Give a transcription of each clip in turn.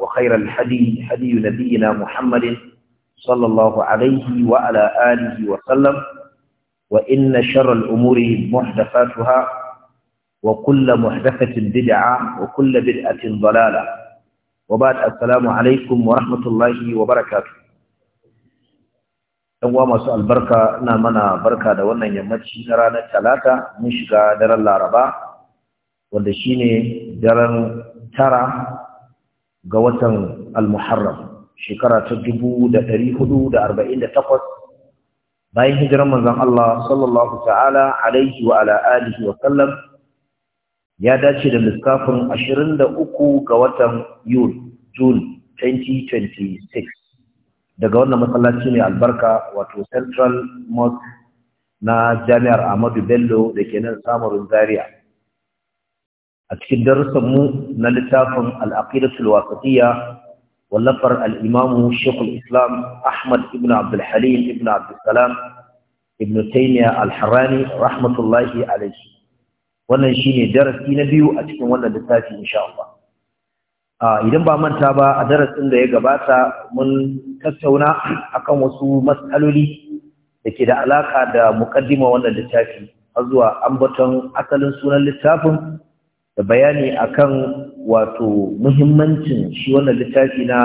وخير الحدي حدي نبينا محمد صلى الله عليه وعلى آله وسلم وإن شر الأمور محدثاتها وكل محدثة بدعة وكل بدعة ضلالة وبعد السلام عليكم ورحمة الله وبركاته ɗan uwa masu albarka ina mana barka da wannan yammaci na ranar talata mun shiga daren laraba wanda shine daren tara ga watan al-muharram shekara ta 448 bayan hijirar manzon Allah sallallahu ta'ala alaihi wa ala alihi wa sallam ya dace da miskafin 23 ga watan yul jun 2026 daga wannan masallaci ne albarka wato Central Mosque na Jami'ar Ahmadu Bello da ke nan Samarin Zaria a cikin darussanmu na littafin al'aqidatul wasatiyya wallafar al-imamu Islam Ahmad ibn Abdul ibn Abdulsalam ibn Taymiyyah al rahmatullahi alaihi wannan shine darasi na biyu a cikin wannan littafi insha Allah idan ba manta ba a darasin da ya gabata mun tattauna akan wasu matsaloli da ke da alaƙa da muƙaddima wannan littafi har zuwa ambaton asalin sunan littafin da bayani akan wato muhimmancin shi wannan littafi na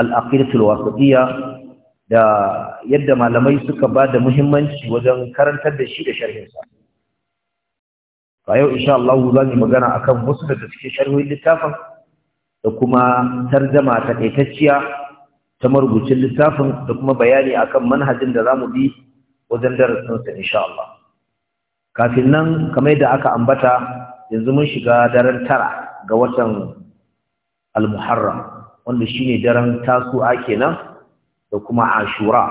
al-aqidatul wasatiyya da yadda malamai suka ba da muhimmanci wajen karantar da shi da sharhinsa a yau insha Allah za mu magana akan wasu daga cikin sharhin littafin da kuma tarjama takaitacciya ta marubucin littafin da kuma bayani akan manhajin da zamu bi wajen darasin sa insha Allah kafin nan kamar da aka ambata yanzu mun shiga daren tara ga watan al-muharram wanda shine daren tasu'a kenan da kuma ashura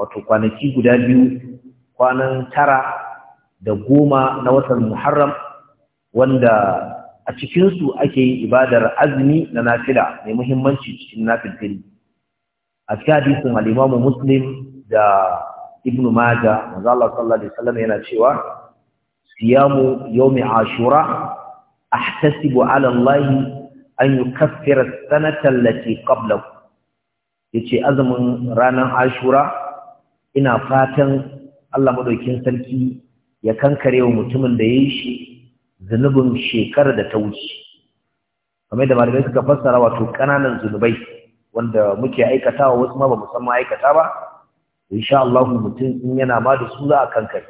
wato kwanaki guda biyu kwanan tara da goma na watan muharram wanda a cikinsu ake yin ibadar azumi na nafila mai muhimmanci cikin nafilin a cikin al-imamu muslim da ibnu maja manzo Allah sallallahu alaihi wasallam yana cewa siyamu yawmi ashura ahtasibu ala allahi an yukaffira sanata allati qablahu yace azumin ranar ashura ina fatan Allah madaukin sarki ya kankare wa mutumin da yayi shi zunubin shekarar da ta wuce kamar da malamai suka fassara wato kananan zunubai wanda muke aikatawa wasu ma ba musamman aikata ba insha Allah mutum in yana ma da su za a kankare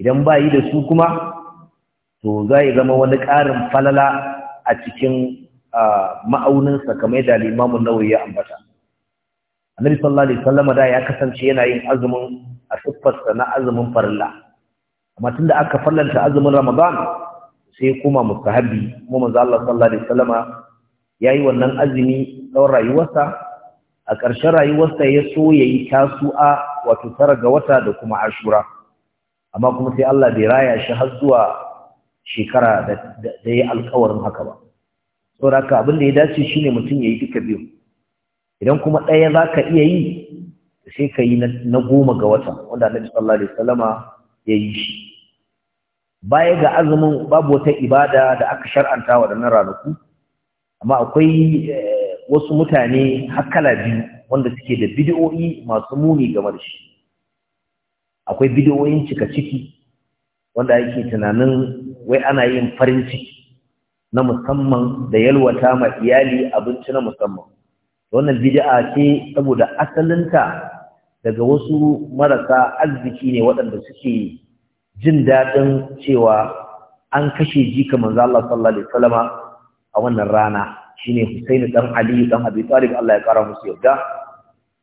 idan ba yi da su kuma to za yi zama wani ƙarin falala a cikin ma'auninsa kamar da limamun nawayi ya ambata annabi sallallahu alaihi wasallam da ya kasance yana yin azumin a siffarsa na azumin farilla amma tunda aka fallanta azumin ramadan sai kuma mustahabi kuma manzo Allah sallallahu alaihi wasallama wannan azumi tsawon rayuwarsa a ƙarshen rayuwarsa ya so yayi tasu'a wato tara ga wata da kuma ashura amma kuma sai Allah bai raya shi har zuwa shekara da ya alkawarin haka ba saboda haka abin da ya dace shine mutum yayi duka biyu idan kuma ɗaya za ka iya yi sai ka yi na goma ga wata wanda annabi sallallahu alaihi wasallama ya yi shi baya ga azumin babu wata ibada da aka shar'anta wa waɗannan ranaku amma akwai eh, wasu mutane hakala biyu wanda suke da bid'o'i masu muni game da shi akwai bidiyoyin cika ciki wanda ake tunanin wai ana yin farin ciki na musamman da yalwata ma iyali abinci na musamman wannan bid'a ce saboda asalinta daga wasu marasa arziki ne waɗanda suke jin daɗin cewa an kashe jika Manza, Allah sallallahu alaihi wasallama a wannan rana shine Husaini dan Ali dan Abi Talib Allah ya kara musu yarda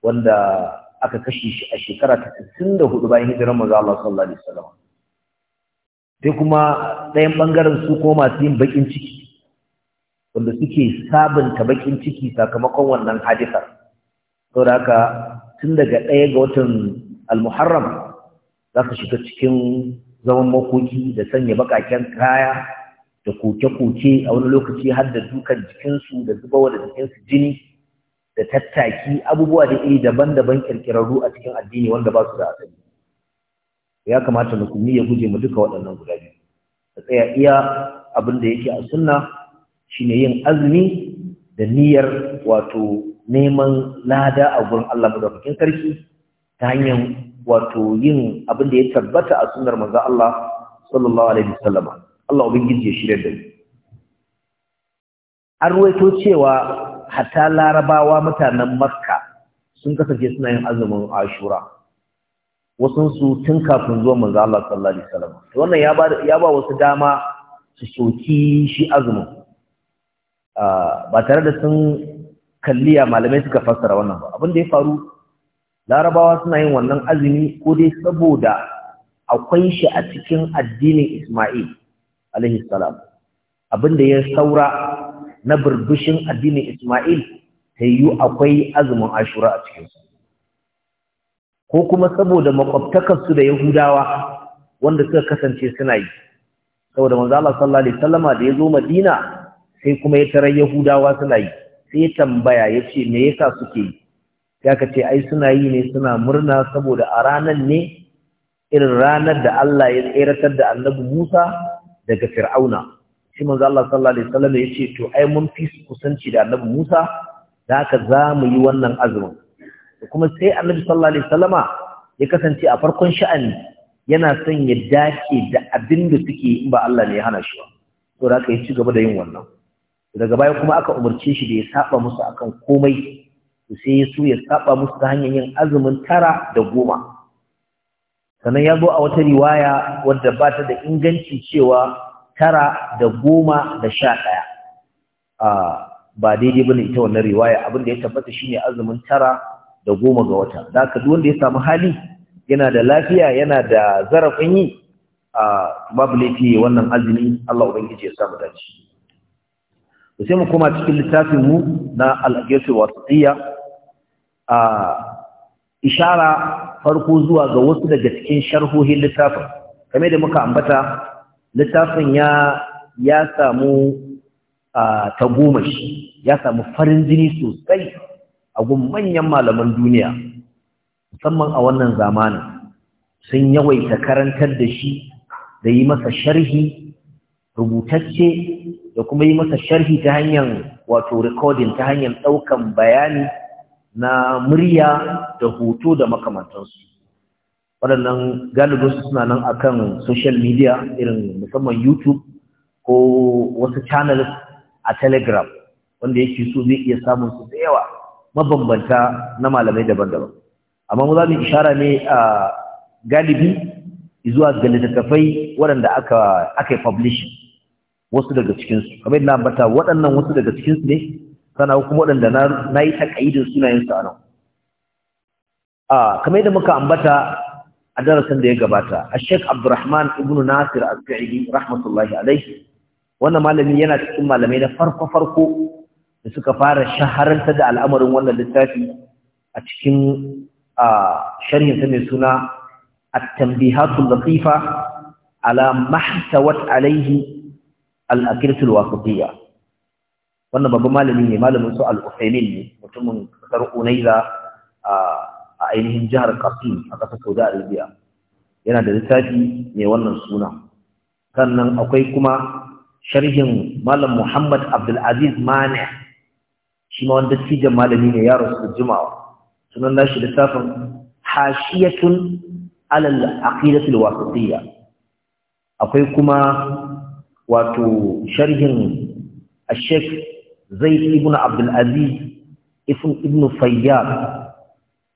wanda aka kashe shi a shekara ta 64 bayan hijirar manzo Allah sallallahu alaihi wasallam sai kuma ɗayan bangaren su ko masu yin bakin ciki wanda suke sabunta bakin ciki sakamakon wannan hadisar saboda haka tun daga ɗaya ga watan al-muharram za ka shiga cikin zaman makoki da sanya bakaken kaya da koke-koke a wani lokaci har da dukan jikinsu da zuba wa da jikinsu jini da tattaki abubuwa da iri daban-daban kirkirarru a cikin addini wanda ba su da asali ya kamata musulmi ya guje mu duka waɗannan guda biyu ka tsaya iya abin da yake a sunna shine yin azumi da niyyar wato neman lada a gurin Allah madaukakin sarki ta hanyar wato yin abin da ya tabbata a sunnar manzo Allah sallallahu alaihi wasallama Allah ubangiji ya shirya da ni an waito cewa hatta larabawa mutanen makka sun kasance suna yin azumin ashura wasansu tun kafin zuwa manzo Allah sallallahu alaihi wasallam to wannan ya ba ya ba wasu dama su soki shi azumin ah, ba tare da sun kalliya malamai suka fassara wannan ba abin da ya faru larabawa suna yin wannan azumi ko dai saboda akwai shi a cikin addinin Isma'il alaihi salam abin da ya saura na burbushin addinin Ismail yu akwai azumin Ashura a cikin su ko kuma saboda makwabtakar su da Yahudawa wanda suka kasance suna yi saboda manzo Allah sallallahu alaihi wasallama da yazo Madina sai kuma ya tarar Yahudawa suna yi sai ya tambaya yace me yasa suke yi sai aka ce ai suna yi ne suna murna saboda a ranar ne irin ranar da Allah ya tseratar da Annabi Musa daga Fir'auna sai manzo Allah sallallahu alaihi wasallam ya ce to ai mun fi kusanci da annabi Musa da haka za mu yi wannan azumin kuma sai annabi sallallahu alaihi wasallama ya kasance a farkon sha'ani yana son ya dace da abin da suke in ba Allah ne ya hana shi ba. to da ka yi ci gaba da yin wannan daga baya kuma aka umarce shi da ya saba musu akan komai to sai ya so ya saba musu ta hanyar yin azumin tara da goma sannan ya zo a wata riwaya wadda ba ta da inganci cewa tara da goma da sha ɗaya ba daidai ba ne ita wannan riwaya abin da ya tabbata shi ne azumin tara da goma ga wata da ka duk wanda ya samu hali yana da lafiya yana da zarafin yi babu laifi wannan azumi Allah ubangiji ya samu dace Ku sai mu koma cikin littafin mu na al-aqidatul a ishara farko zuwa ga wasu daga cikin sharhohin littafin kamar da muka ambata littafin ya ya samu tagomashi ya samu farin jini sosai a gun manyan malaman duniya musamman a wannan zamanin sun yawaita karantar da shi da yi masa sharhi rubutacce da kuma yi masa sharhi ta hanyar wato recording ta hanyar ɗaukan bayani na murya da hoto da makamantansu waɗannan galibinsu suna nan akan social media irin musamman youtube ko wasu channels a telegram wanda yake so zai iya samun su da yawa mabambanta na malamai daban-daban amma mu za mu ishara ne a galibi zuwa ga littattafai waɗanda aka aka yi publish wasu daga cikinsu kamar na ambata waɗannan wasu daga cikinsu ne sana kuma waɗanda na yi taƙaidin su a nan kamar yadda muka ambata a darasin da ya gabata a sheik abdurrahman ibn nasir al-sa'idi rahmatullahi alaihi wannan malami yana cikin malamai na farko-farko da suka fara shaharanta da al'amarin wannan littafi a cikin sharhinsa mai suna at-tanbihatul latifa ala mahtawat alaihi al-akiratul waqidiyya wannan babban malami ne malamin su al-usaimin ne mutumin kasar unaiza a a ainihin jihar kafin a ƙasar Saudi Arabia yana da littafi mai wannan suna sannan akwai kuma sharhin Malam Muhammad Abdul Aziz Mane shi ma wanda dattijan malami ne ya rasu jimawa sunan nashi littafin hashiyatun alal aqidatul wasatiyya akwai kuma wato sharhin الشيخ zaid ابن عبد العزيز Ibn ibn fayyad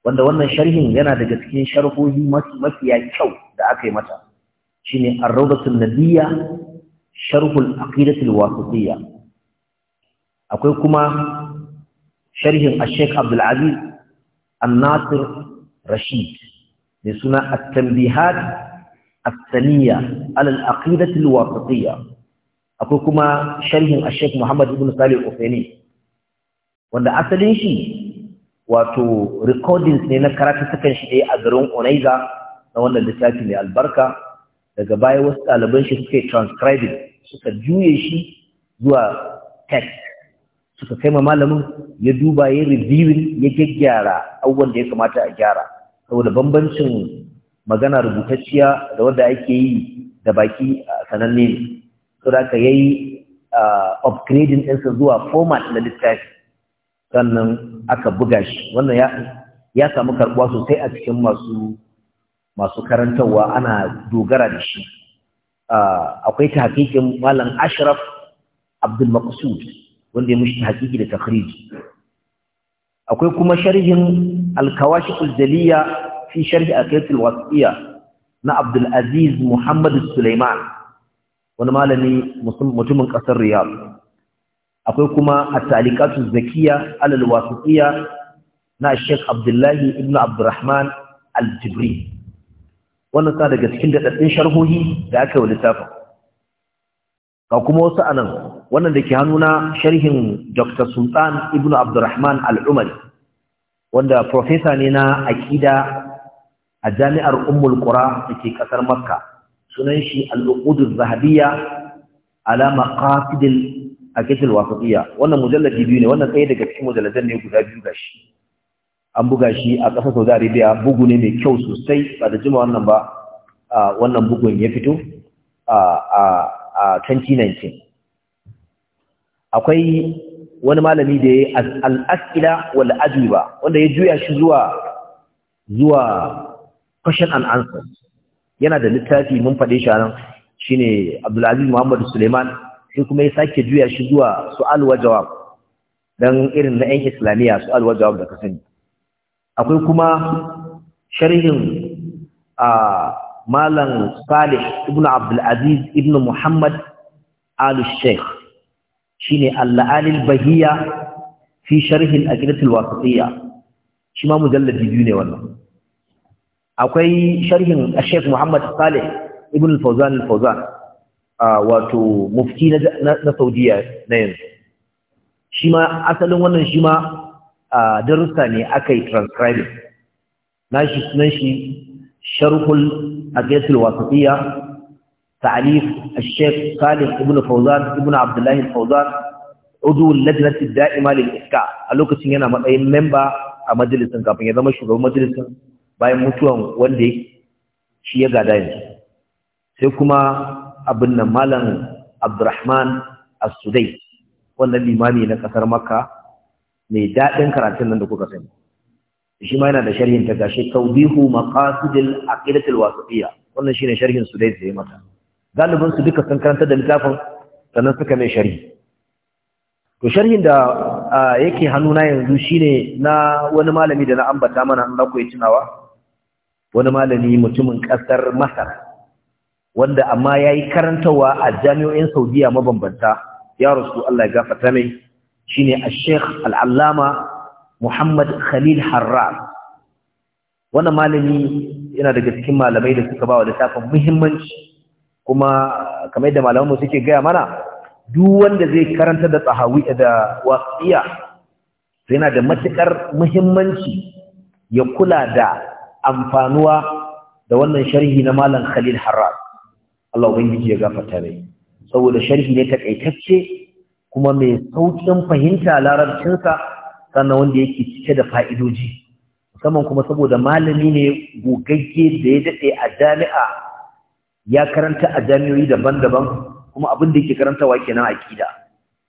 wanda wannan sharhin yana daga cikin sharhohi mafiya kyau da aka yi mata shine ar-rawdatun nabiyya sharhul aqidatul wasitiyya akwai kuma sharhin ash-shaykh Abdul Aziz An-Nasir Rashid mai suna at-tanbihat as-saniyya ala al-aqidatul wasitiyya akwai kuma sharhin ash Muhammad ibn Salih al wanda asalin shi wato recordings ne na karatuttukan shi ɗaya a garin Onaiza na wannan littafi mai albarka daga baya wasu ɗaliban shi suke transcribing suka juye shi zuwa text suka kai malamin ya duba ya reviewing ya gyaggyara abubuwan da ya kamata a gyara saboda bambancin magana rubutacciya da wanda ake yi da baki sananne ne saboda ka yayi ah, upgrading ɗinsa zuwa format na littafi sannan aka buga shi wannan ya ya samu karbuwa sosai a cikin masu masu karantarwa ana dogara da shi akwai tahqiqin malam Ashraf Abdul Maqsud wanda ya mushi tahqiqi da takhriji akwai kuma sharhin Al-Kawashiful Daliya fi sharh Aqidatul Wasiya na Abdul Aziz Muhammad Sulaiman wani malami mutumin kasar Riyadh akwai kuma at Zakiya, zakiyya alal na Sheikh Abdullahi ibn Abdurrahman al-Jibri wannan sa daga cikin dadaddin sharhohi da aka yi littafin Ka kuma wasu anan wannan da ke hannuna sharhin Dr. Sultan ibn Abdurrahman al-Umari wanda professor ne na aƙida a jami'ar Ummul Qura da ke kasar Makka sunan shi al-Uqud az-Zahabiyya ala maqasid a kashin wasatiyya wannan mujalladi biyu ne wannan tsaye daga cikin mujalladan ne guda biyu ga gashi an buga shi a ƙasar Saudi Arabia bugu ne mai kyau sosai ba da jima wannan ba wannan bugun ya fito a 2019 akwai wani malami da ya al-as'ila wal ba wanda ya juya shi zuwa zuwa question and answers yana da littafi mun faɗe shi nan shine Abdulaziz Muhammad Suleiman sai kuma ya sake juya shi zuwa su'al wa jawab dan irin na 'yan islamiyya su'al wa jawab da ka sani akwai kuma sharhin a malam salih Ibn abdul aziz ibnu muhammad alu sheikh shine al-alil bahiya fi sharhi al-aqidat al-wasitiyya shi ma mujalladi biyu ne wannan akwai sharhin sheikh muhammad salih Ibn al-fawzan al-fawzan wato mufti na saudiya na yanzu shi ma asalin wannan shi ma darussa ne aka yi transcribing nashi shi sunan shi sharhul aqidatul wasatiyya ta'alif al-sheikh Salih ibn Fawzan ibn Abdullah al-Fawzan udu lajnati da'ima lil iska a lokacin yana matsayin member a majalisin kafin ya zama shugaban majalisin bayan mutuwan wanda shi ya gada yanzu sai kuma abin nan malam abdurrahman as-sudai wannan limami na kasar makka mai daɗin karatun nan da kuka sani shi ma yana da sharhin ta gashi tawbihu maqasidil aqidatil wasatiyya wannan shine sharhin sudai da ya mata galibin su duka san karanta da littafin sannan suka mai sharhi to sharhin da yake hannuna yanzu shine na wani malami da na ambata mana an da ku tunawa wani malami mutumin kasar masar wanda amma yayi karantawa a jami'o'in Saudiya mabambanta ya rasu Allah ya gafata mai shine al-Sheikh al-Allama Muhammad Khalil Harrar wannan malami yana daga cikin malamai da suka wa littafin muhimmanci kuma kamar yadda malamanmu suke gaya mana duk wanda zai karanta da tsahawi da wasiya yana da matukar muhimmanci ya kula da amfanuwa da wannan sharhi na malam Khalil Harrar Allah ubangiji ya gafarta mai saboda sharhi ne takaitacce kuma mai saukin fahimta larabcinsa sannan wanda yake cike da fa'idoji musamman kuma saboda malami ne gogagge da ya daɗe a jami'a ya karanta a jami'oyi daban-daban kuma abin da yake karantawa kenan aƙida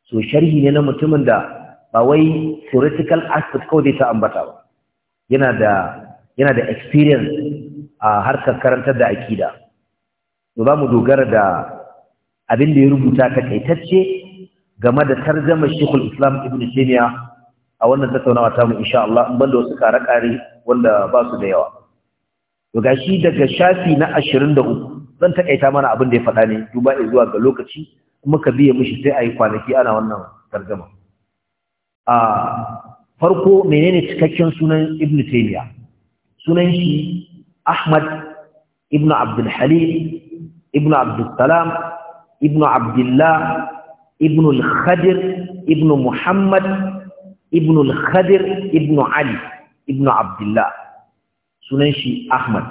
so sharhi ne na mutumin da ba wai theoretical aspect kawai zai ta ambata ba yana da yana da experience a harkar karantar da aƙida to za mu dogara da abin da ya rubuta ka takaitacce game da tarjama shekul islam ibn taymiya a wannan tattaunawa ta mu insha Allah in banda wasu kare-kare wanda ba su da yawa to gashi daga shafi na 23 zan takaita mana abin da ya faɗa ne duba zuwa ga lokaci kuma ka biya mishi sai ayi kwanaki ana wannan tarjama a farko menene cikakken sunan ibn taymiya sunan shi ahmad ibn abdul halim ibnu abdussalam ibnu abdullah ibnu al-khadir ibnu muhammad ibnu al-khadir ibnu ali ibnu abdullah sunan shi ahmad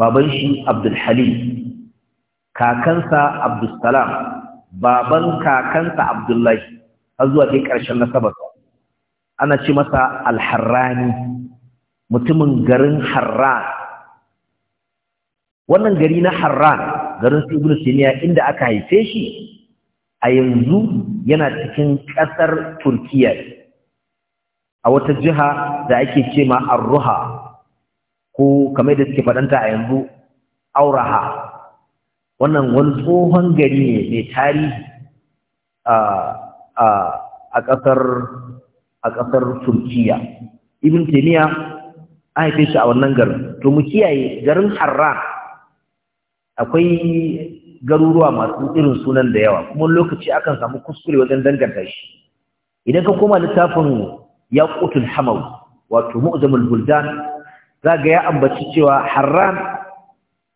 baban shi abdul halim kakansa abdussalam baban kakansa abdullahi har zuwa dai ƙarshen nasabarsa ana ce masa alharrani mutumin garin harran wannan gari na harran garin su siniya inda aka haife shi a yanzu yana cikin ƙasar Turkiyya. a wata jiha da ake ce ma arruha ko kamar da suke faɗanta a yanzu auraha wannan wani tsohon gari ne mai tarihi a ƙasar a ƙasar turkiya ibn a haife shi a wannan garin to mu kiyaye garin harran akwai garuruwa masu irin sunan da yawa kuma lokaci akan samu kuskure wajen danganta shi idan ka koma littafin yaqutul hamaw wato mu'zamul buldan zaga ya ambaci cewa harran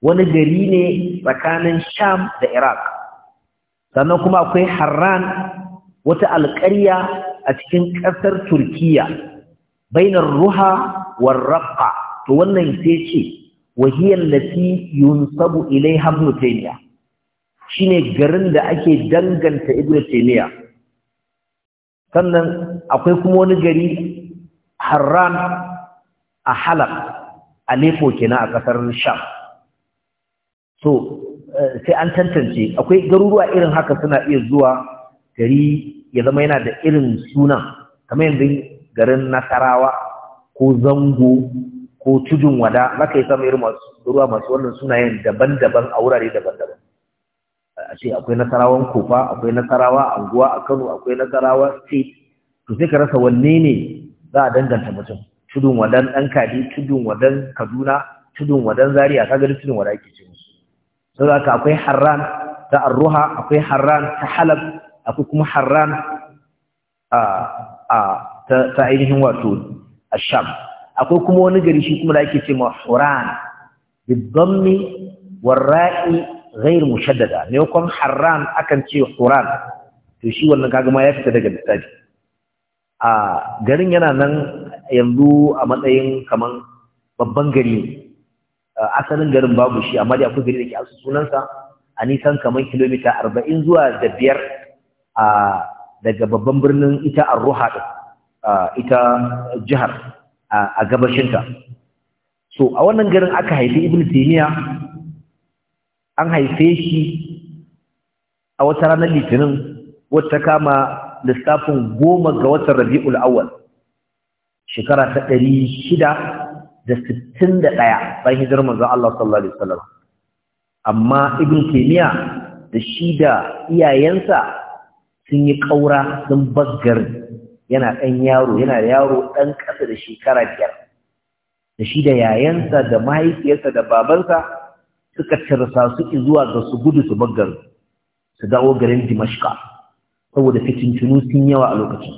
wani gari ne tsakanin sham da iraq sannan kuma akwai harran wata alƙarya a cikin ƙasar turkiya bainar ruha war to wannan sai ce وهي التي ينسب إليها ابن تيمية shine garin da ake danganta ibnu sannan akwai kuma wani gari harran a halaq lefo kenan a kasar sham so sai an tantance akwai garuruwa irin haka suna iya zuwa gari ya zama yana da irin sunan kamar yanzu garin nasarawa ko zango ko tudun wada maka yi samun masu ruwa masu wannan sunayen daban-daban a wurare daban-daban a ce akwai nasarawan kofa akwai nasarawa anguwa a kano akwai nasarawa state to sai ka rasa wanne ne za a danganta mutum tudun wadan dan kadi tudun wadan kaduna tudun wadan zaria kaga gani tudun wada ake ce musu saboda akwai harran ta arruha akwai harran ta halab akwai kuma harran ah, ah, a ta ainihin wato Asham. akwai kuma wani gari shi kuma da ake ce mahuran bidammi warra'i ghair mushaddada ne kon haram akan ce huran to shi wannan kaga ma ya fita daga lissafi a garin yana nan yanzu a matsayin kaman babban gari asalin garin babu shi amma da akwai gari da ke asu sunansa a nisan kaman kilomita arba'in zuwa da biyar daga babban birnin ita arruha ita jihar a gabashinta so a wannan garin aka haifi ibn taymiya an haife shi a wata ranar litinin wata kama lissafin goma ga watan rabi'ul awwal shekara ta ɗari shida da sittin da ɗaya bayan hijirar manzo Allah sallallahu alaihi wasallam amma ibn taymiya da shi da iyayensa sun yi ƙaura sun bazgar yana ɗan yaro yana da yaro ɗan ƙasa da shekara biyar da shi da yayansa da mahaifiyarsa da babansa suka tarsa su zuwa ga su gudu su bagar su dawo garin dimashka saboda fitintunu sun yawa a lokacin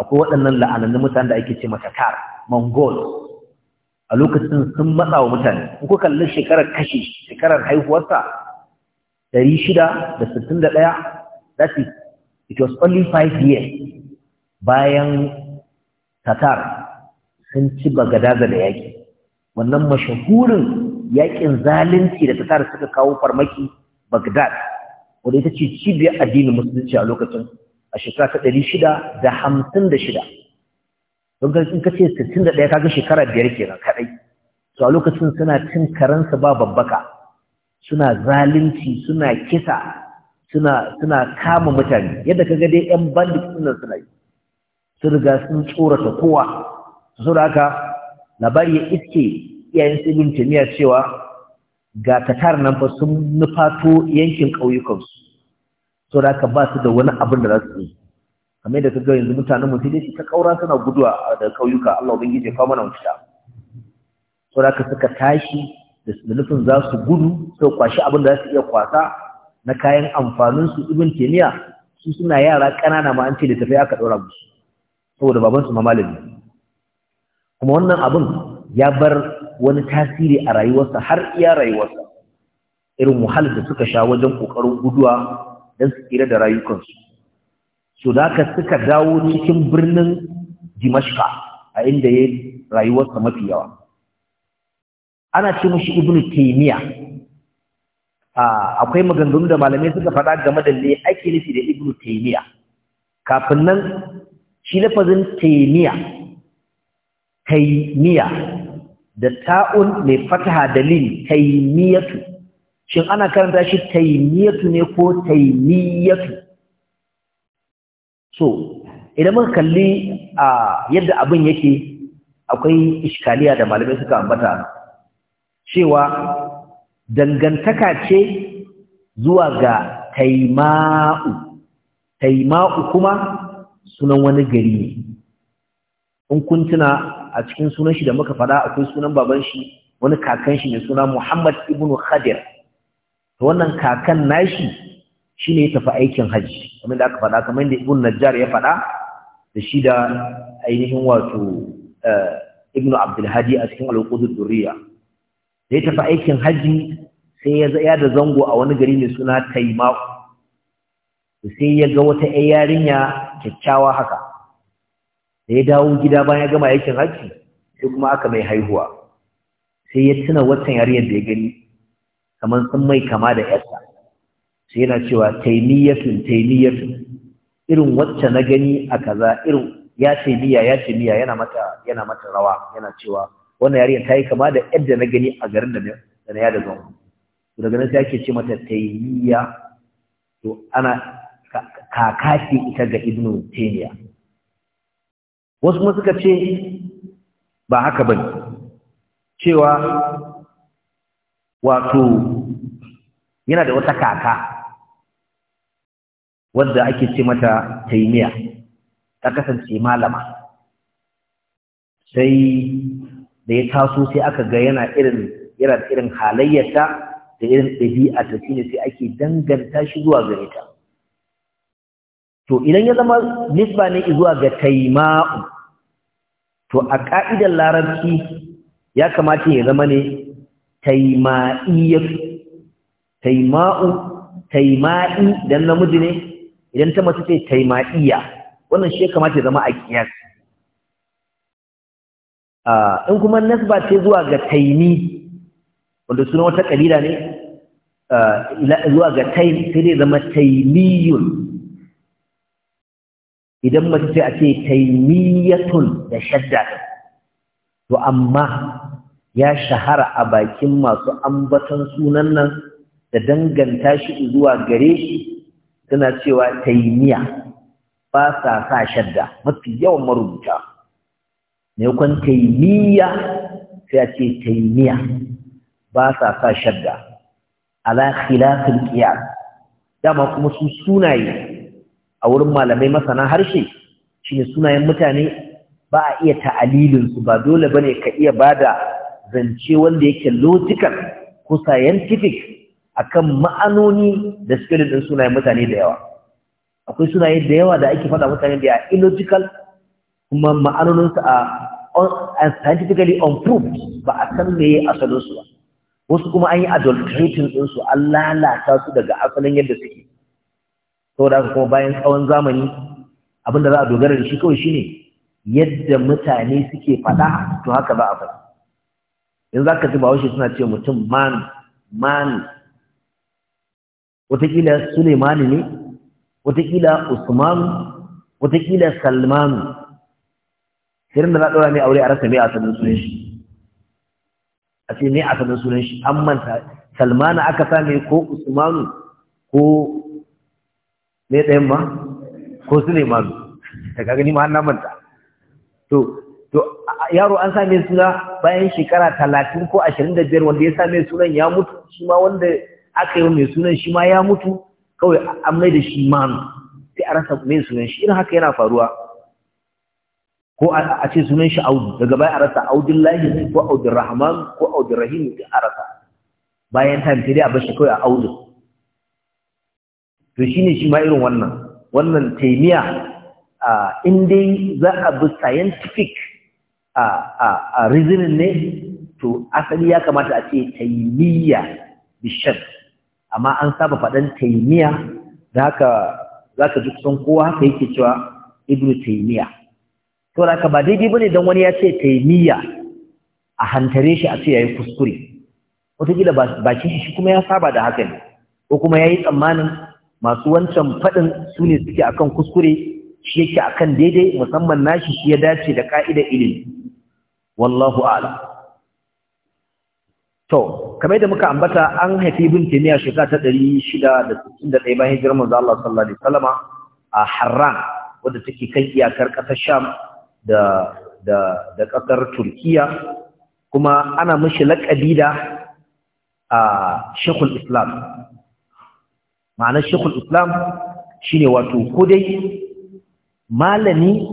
akwai waɗannan la'anannun mutane da ake ce mata tar mongol a lokacin sun matsa wa mutane in ku kalli shekarar kashi shekarar haihuwarsa ɗari shida da sittin da ɗaya that is it was only five years bayan tatar sun ci bagadaga da yaki wannan mashahurin yaƙin zalunci da tatar suka kawo farmaki bagdad wadda ita ce cibiyar addinin musulunci a lokacin a shekara ta ɗari don ka ce sittin kaga shekara biyar kenan kaɗai to a lokacin suna cin karansa ba babbaka suna zalunci suna kisa suna kama mutane yadda kaga dai 'yan bandit suna suna yi sun riga sun tsorata kowa da haka labari ya iske iyayen ibn tamiya cewa ga tatar nan fa sun nufato yankin ƙauyukansu Sau da haka ba su da wani abin da za su yi kamar da kaga yanzu mutanen mu sai dai ta kaura suna guduwa da ƙauyuka Allah ubangi ya fa mana wuta Sau da haka suka tashi da nufin za su gudu sau kwashi abin da za su iya kwasa na kayan amfanin su ibn tamiya su suna yara ƙanana ma an ce da tafi aka ɗora musu saboda babansu ma malami kuma wannan abun ya bar wani tasiri a rayuwarsa har iya rayuwarsa irin wahalar da suka sha wajen kokarin guduwa don su kira da rayukansu so da haka suka dawo cikin birnin dimashka a inda ya rayuwarsa mafi yawa ana ce mashi ibnu taymiya akwai maganganun da malamai suka faɗa game da me ake nufi da ibnu taymiya kafin nan shi lafazin taimiya taimiya da ta'un mai fataha dalil taimiyatu shin ana karanta shi taimiyatu ne ko taimiyatu so idan muka kalli a yadda abin yake akwai iskaliya da malamai suka ambata cewa dangantaka ce zuwa ga taima'u taima'u kuma sunan wani gari ne in kun tuna a cikin sunan shi da muka fada akwai sunan baban shi wani kakan shi mai suna Muhammad ibn Khadir to wannan kakan nashi shine ya tafi aikin haji kamar da aka fada kamar da Ibn Najjar ya fada da shi da ainihin wato eh, Ibn Abdul Hadi a cikin Al-Qudud Durriya da ya tafi aikin haji sai ya da zango a wani gari mai suna Taima'u sai ya ga wata yarinya kyakkyawa haka da ya dawo gida bayan ya gama aikin haƙƙi, sai kuma aka mai haihuwa sai ya tuna watan yarinyar da ya gani kamar sun mai kama da ‘yarsa sai yana cewa taimiyyatun taimiyyatun irin wacce na gani a kaza irin ya taimiyya ya taimiyya yana mata yana mata rawa yana cewa wannan yarinyar ta yi kama da yadda na gani a garin da na yada zan daga nan sai ake ce mata taimiyya to ana kaka ce ita ga ibn taymiya wasu kuma suka ce ba haka bane cewa wato yana da wata kaka wadda ake ce mata taymiya ta kasance malama sai da ya taso sai aka ga yana irin yana irin halayyarta da irin ɗabi'a ta shine sai ake danganta shi zuwa gare ta to idan ya zama nisba ne zuwa ga taima'u to a ka'idar larabci ya kamata ya zama ne taima'iyyar taima'u taima'i namiji ne idan ta mace ce taima'iyya wannan shi ya kamata ya zama a kiyas in kuma nasba ce zuwa ga taimi wanda suna wata kalila ne zuwa ga taim sai zai zama taimiyun idan mace sai a ce taimiyatun da shadda to amma ya shahara a bakin masu ambaton sunan nan da danganta shi zuwa gare shi suna cewa taimiya ba sa sa shadda mafi yawan marubuta ne kwan taimiya sai a ce taimiya ba sa sa shadda ala khilafin qiyas dama kuma su sunaye a wurin malamai masana harshe shi ne sunayen mutane ba a iya ta'alilin su ba dole bane ka iya ba da zance wanda yake logical ko scientific akan ma'anoni da suke da sunayen mutane da yawa akwai sunaye da yawa da ake faɗa mutane da illogical kuma ma'anoninsu a scientifically unproved ba a san meye asalinsu ba wasu kuma an yi adulterating ɗinsu an lalata su daga asalin yadda suke saboda aka kuma bayan tsawon zamani abinda za a dogara da shi kawai shine yadda mutane suke faɗa to haka za a faɗa yanzu za ka ji bahaushe suna ce mutum man man watakila suleimani ne watakila usmanu watakila salmanu shirin da a ɗora a aure a rasa mai asalin sunan shi a ce mai asalin sunan shi an manta salmanu aka same ko usmanu ko ne ɗayan ma ko su da mazu daga ma na manta to to yaro an same suna bayan shekara talatin ko ashirin da biyar wanda ya same sunan ya mutu shi ma wanda aka yi mai sunan shi ma ya mutu kawai an mai da shi manu sai a rasa mai sunan shi irin haka yana faruwa ko a ce sunan shi audu daga baya a rasa audun lahi ko audun rahman ko audun rahim a rasa bayan time sai dai a bar shi kawai a audun to shine shi ma irin wannan wannan taimiya in dai za a bi scientific a reasoning ne to asali ya kamata a ce taimiya bishar amma an saba faɗan taimiya da haka za ka duk son kowa haka yake cewa ibnu taimiya to da ba daidai bane don wani ya ce taimiya a hantare shi a ce yayi kuskure wataƙila bakin shi kuma ya saba da haka ne ko kuma ya yi tsammanin masu wancan faɗin su ne suke akan kuskure shi yake akan daidai musamman nashi shi ya dace da ka'idar ilimi wallahu ala. To, kamar da muka ambata an haifi bin taymiya shekara ta 661 bayan hijirar manzo Allah sallallahu alaihi wasallama a Harran wanda take kan iyakar ƙasar Sham da da da ƙasar Turkiya kuma ana mishi laƙabi da a Sheikhul Islam ma'anar shekul islam shine wato ko dai malami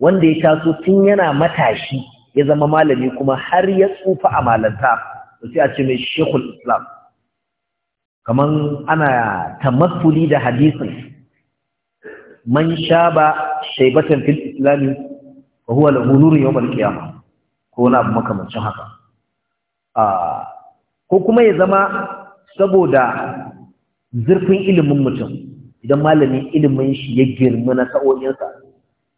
wanda ya taso tun yana matashi ya zama malami kuma har ya tsufa a malanta sai a ce mai shekul islam kaman ana tamassuli da hadisin man shaba shaibatan fil islami fa huwa lahu nurun yawm ko na abu makamancin haka ah, ko kuma ya zama saboda zurfin ilimin mutum idan malamin ilimin shi ya girma na sa'o'insa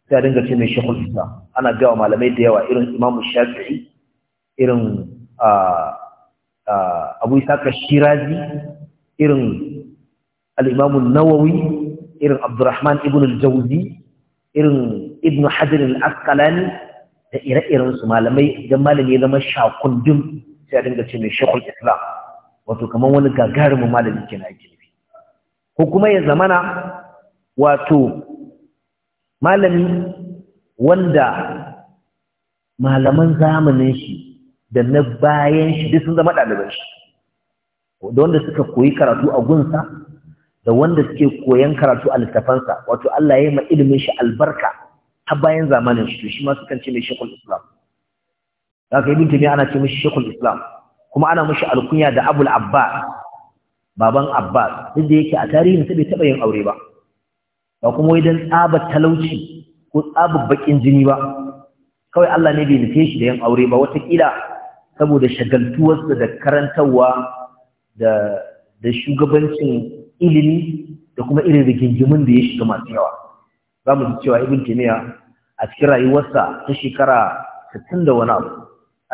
sai a dinga ce mai shekul islam ana gawa malamai da yawa irin imamu shafi'i irin abu isaka shirazi irin al'imamu nawawi irin abdurrahman ibn al jawzi irin ibn hajar al askalani da ire-iren su malamai idan malami ya zama shakundin sai a dinga ce mai shekul islam wato kamar wani gagarumin malami kenan ake ko kuma ya zamana wato malami wanda malaman zamanin shi da na bayan shi duk sun zama ɗaliban shi da wanda suka koyi karatu a gunsa da wanda suke koyan karatu a littafansa wato Allah ya yi ma ilimin shi albarka ta bayan zamanin shi to shi ma sukan ce mai shekul islam haka yi bin ana ce mishi shekul islam kuma ana mishi alkunya da abul abba baban Abbas duk da yake a tarihin sa bai taba yin aure ba ba kuma wai dan tsaba talauci ko tsaba bakin jini ba kawai Allah ne bai nufe shi da yin aure ba wata kila saboda shagaltuwarsa da karantarwa da da shugabancin ilimi da kuma irin rigingimin da ya shiga masu yawa za mu ji cewa ibn taymiya a cikin rayuwarsa ta shekara 60 da wani abu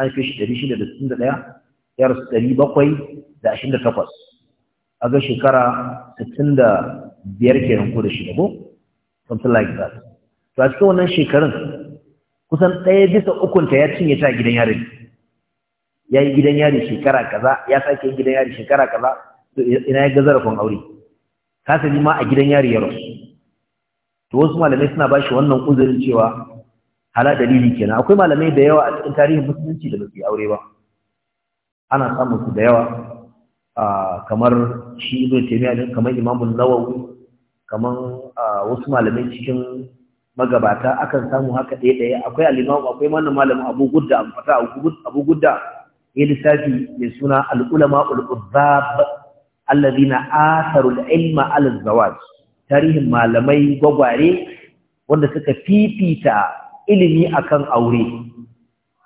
an fi shi 661 ya rasu 728 A ga shekara 65 kenan ko da shi ko something like that to a cikin wannan shekarun kusan ɗaya bisa ukunta ya cinye ta gidan yari ya yi gidan yari shekara kaza ya sake yin gidan yari shekara kaza to ina ya ga zarafin aure kasali ma a gidan yari ya rasu to wasu malamai suna ba shi wannan uzurin cewa hala dalili kenan akwai malamai da yawa a cikin tarihin musulunci da ba su yi aure ba ana samun su da yawa kamar shi ibn taymiya din kamar imamu nawawi kamar wasu malamai cikin magabata akan samu haka ɗaya ɗaya akwai al-imam akwai wannan malamin Abu Gudda abu fata Abu Gudda ya lissafi mai suna al-ulama ul-uzzab alladhina atharu al-ilma tarihin malamai gwagware wanda suka fifita ilimi akan aure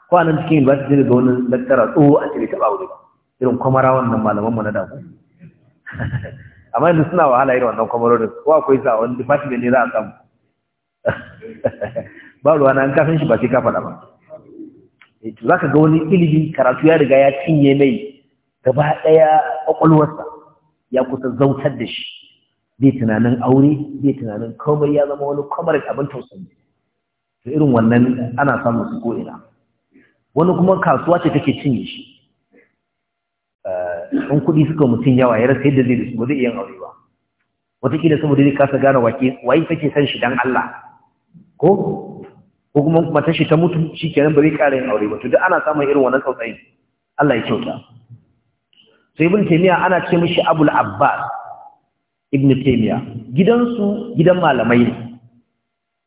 kwanan cikin ba su ga wani lakkara tsoho a cikin taɓa aure ba irin kwamara wannan malamanmu na damu amma yanzu suna wahala irin wannan kwamarorin ko akwai sa wani department ne za a samu ba ruwa na ka shi ba sai ka faɗa ba eh, za ka ga wani ilimin karatu ya riga ya cinye mai gaba ɗaya ƙwaƙwalwarsa ya kusa zautar da shi bai tunanin aure bai tunanin komai ya zama wani kwamar abin tausayi to irin wannan ana samun su ko wani kuma kasuwa ce take cinye shi Eh, in kuɗi suka mutum yawa ya rasa yadda zai da su ba zai iya aure ba wataƙila saboda zai kasa gane wake waye take san shi dan Allah ko ko kuma matar shi ta mutu shi kenan ba zai ƙara yin aure ba to duk ana samun irin wannan sautsayi Allah ya kyauta sai ibn taymiya ana ce mishi abul abbas ibn taymiya gidansu gidan malamai ne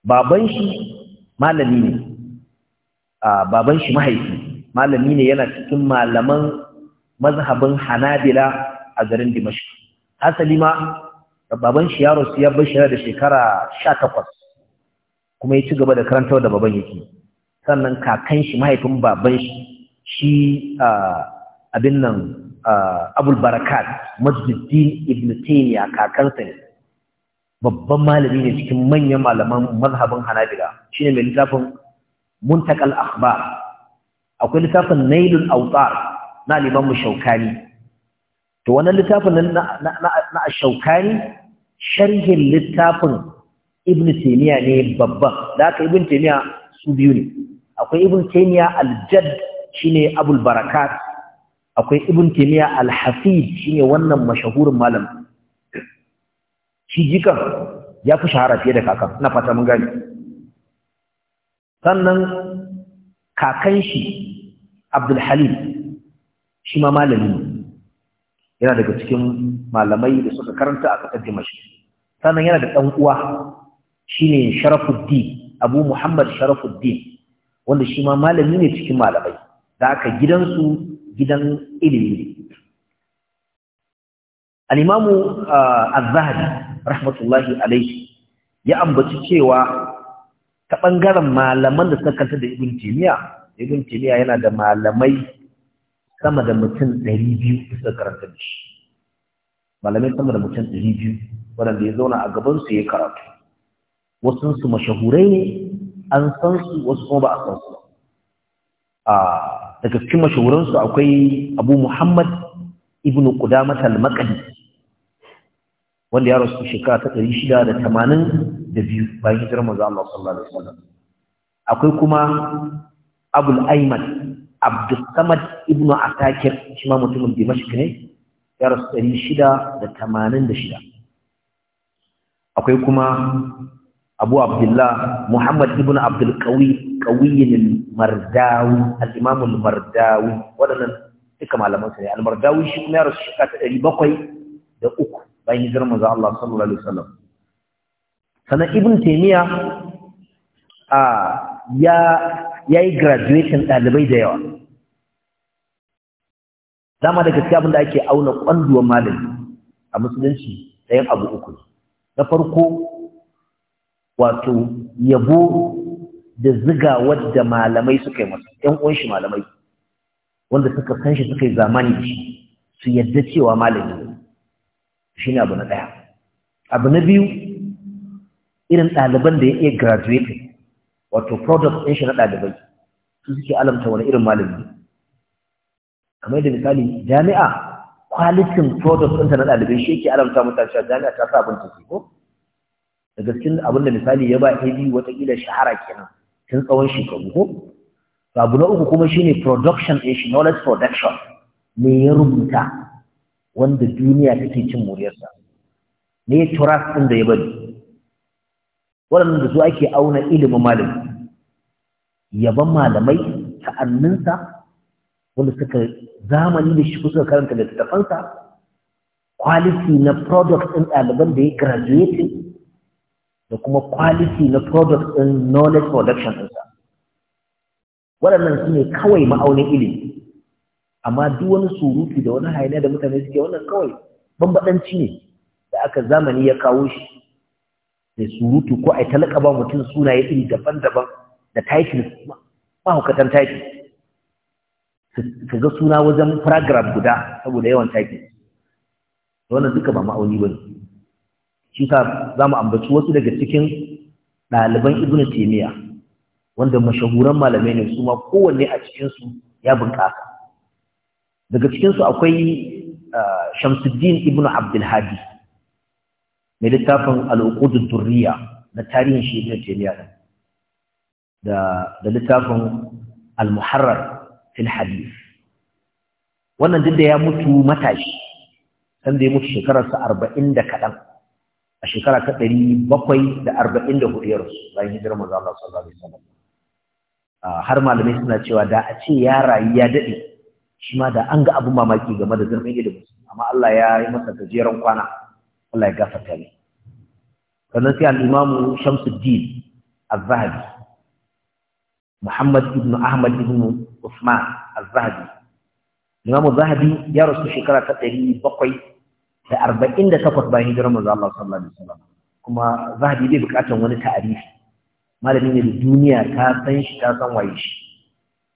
baban shi malami ne a ah, baban shi mahaifi malami ne yana cikin malaman mazhabin hanabila a garin dimashq asali ma baban shi yaro shi ya bashira da shekara 18 kuma ya ci gaba da karantar da baban yake sannan kakan shi mahaifin baban shi shi abin nan abul barakat majduddin ibn Taymiyyah kakansa ne babban malami ne cikin manyan malaman mazhabin hanabila shine mai littafin muntakal akhbar akwai littafin nailul awtar na mu shaukani to wannan littafin na na shaukani sharhin littafin ibn taymiya ne babban da aka ibn taymiya su biyu ne akwai ibn taymiya al-jadd shine abul barakat akwai ibn taymiya al-hafid shine wannan mashahurin malam Cijikan ya fi shahara fiye da kakan ina fata mun gane sannan kakan shi abdul halim shi ma malami yana daga cikin malamai da suka karanta a ƙasar Dimashi sannan yana da ɗan uwa shine Sharafuddin Abu Muhammad Sharafuddin wanda shi ma malami ne cikin malamai da aka gidansu gidan ilimi al-Imam ah, Az-Zahabi rahmatullahi alayhi ya ambaci cewa ta ɓangaren malaman da suka kanta da Ibn Taymiyyah Ibn Taymiyyah yana da malamai sama da mutum ɗari biyu suka karanta da shi malamai sama da mutum ɗari biyu waɗanda ya zauna a gabansu ya karatu wasu su mashahurai ne an san su wasu kuma ba a san su a daga cikin mashahuransu akwai abu muhammad ibn qudamah al wanda ya rasu shekara ta ɗari shida da tamanin da biyu bayan hijirar manzo Allah sallallahu alaihi wasallam akwai kuma abul aiman Abdulsamad ibn Asakir shi ma mutumin Dimashq ne ya rasu ɗari shida da tamanin da shida akwai kuma Abu Abdullah Muhammad ibn Abdul Qawi Qawiyin al-Mardawi al-Imam al-Mardawi wadannan duka malaman sa ne al-Mardawi shi kuma ya rasu ta ɗari bakwai da uku bayan hijirar manzo Allah sallallahu alaihi wasallam sanan Ibn Taymiyyah a ya ya yi graduation ɗalibai da yawa dama da gaskiya abinda ake auna kwanduwar malami a musulunci ɗayan abu uku na farko wato yabo da ziga wadda malamai suka yi masa ƴan ƙunshi malamai wanda suka san shi suka yi zamani da shi su yadda cewa malami shi ne abu na ɗaya abu na biyu irin ɗaliban da ya iya graduating wato product ɗin shi na ɗalibai su suke alamta wani irin malami kamar da misali jami'a kwalitin product ɗinta na ɗalibai shi yake alamta mutane cewa jami'a ta sa abin take ko da gaskin abin da misali ya ba AB wataƙila shahara kenan tun tsawon shekaru ko abu na uku kuma shine production ɗin shi knowledge production me ya rubuta wanda duniya take cin muryarsa ne trust ɗin da ya bari waɗannan da su ake auna ilimin malami yaban malamai ta'anninsa wanda suka zamani da shi kusa karanta da tafansa, quality na product ɗin ɗaliban da ya graduate da kuma quality na product ɗin knowledge production ɗinsa waɗannan su ne kawai ma'aunin ilimi amma duk wani surutu da wani haina da mutane suke wannan kawai bambaɗanci ne da aka zamani ya kawo shi da surutu ko a talaka ba mutum sunaye iri daban-daban da titles mahaukatan titles ka ga suna wajen paragraph guda saboda yawan titles wannan duka ba ma'auni ba ne shi ka za mu ambaci wasu daga cikin ɗaliban ibn taimiyya wanda mashahuran malamai ne su ma kowanne a cikinsu ya bunƙasa daga cikinsu akwai ah, shamsuddin ibn abdulhadi mai littafin al'uqudud durriya na tarihin shi ibn taymiya da da littafin al-muharrar fil hadith wannan duk da ya mutu matashi san da ya mutu shekararsa arba'in da kaɗan a shekara ta ɗari bakwai da arba'in da hudu bayan hijirar maza Allah sallallahu alaihi wasallam har malamai suna cewa da a ce ya rayu ya daɗe shi ma da an ga abin mamaki game da zurfin ilimin amma Allah ya yi masa gajeren kwana Allah ya gafarta ne sannan sai al-imamu Shamsuddin az-Zahabi Muhammad ibn Ahmad ibn Usman az-Zahabi Imam zahabi ya rasu shekara ta 748 bayan hijirar manzo Allah sallallahu alaihi wasallam kuma Zahabi bai bukatar wani ta'arifi Malamin ne duniya ta san shi ta san waye shi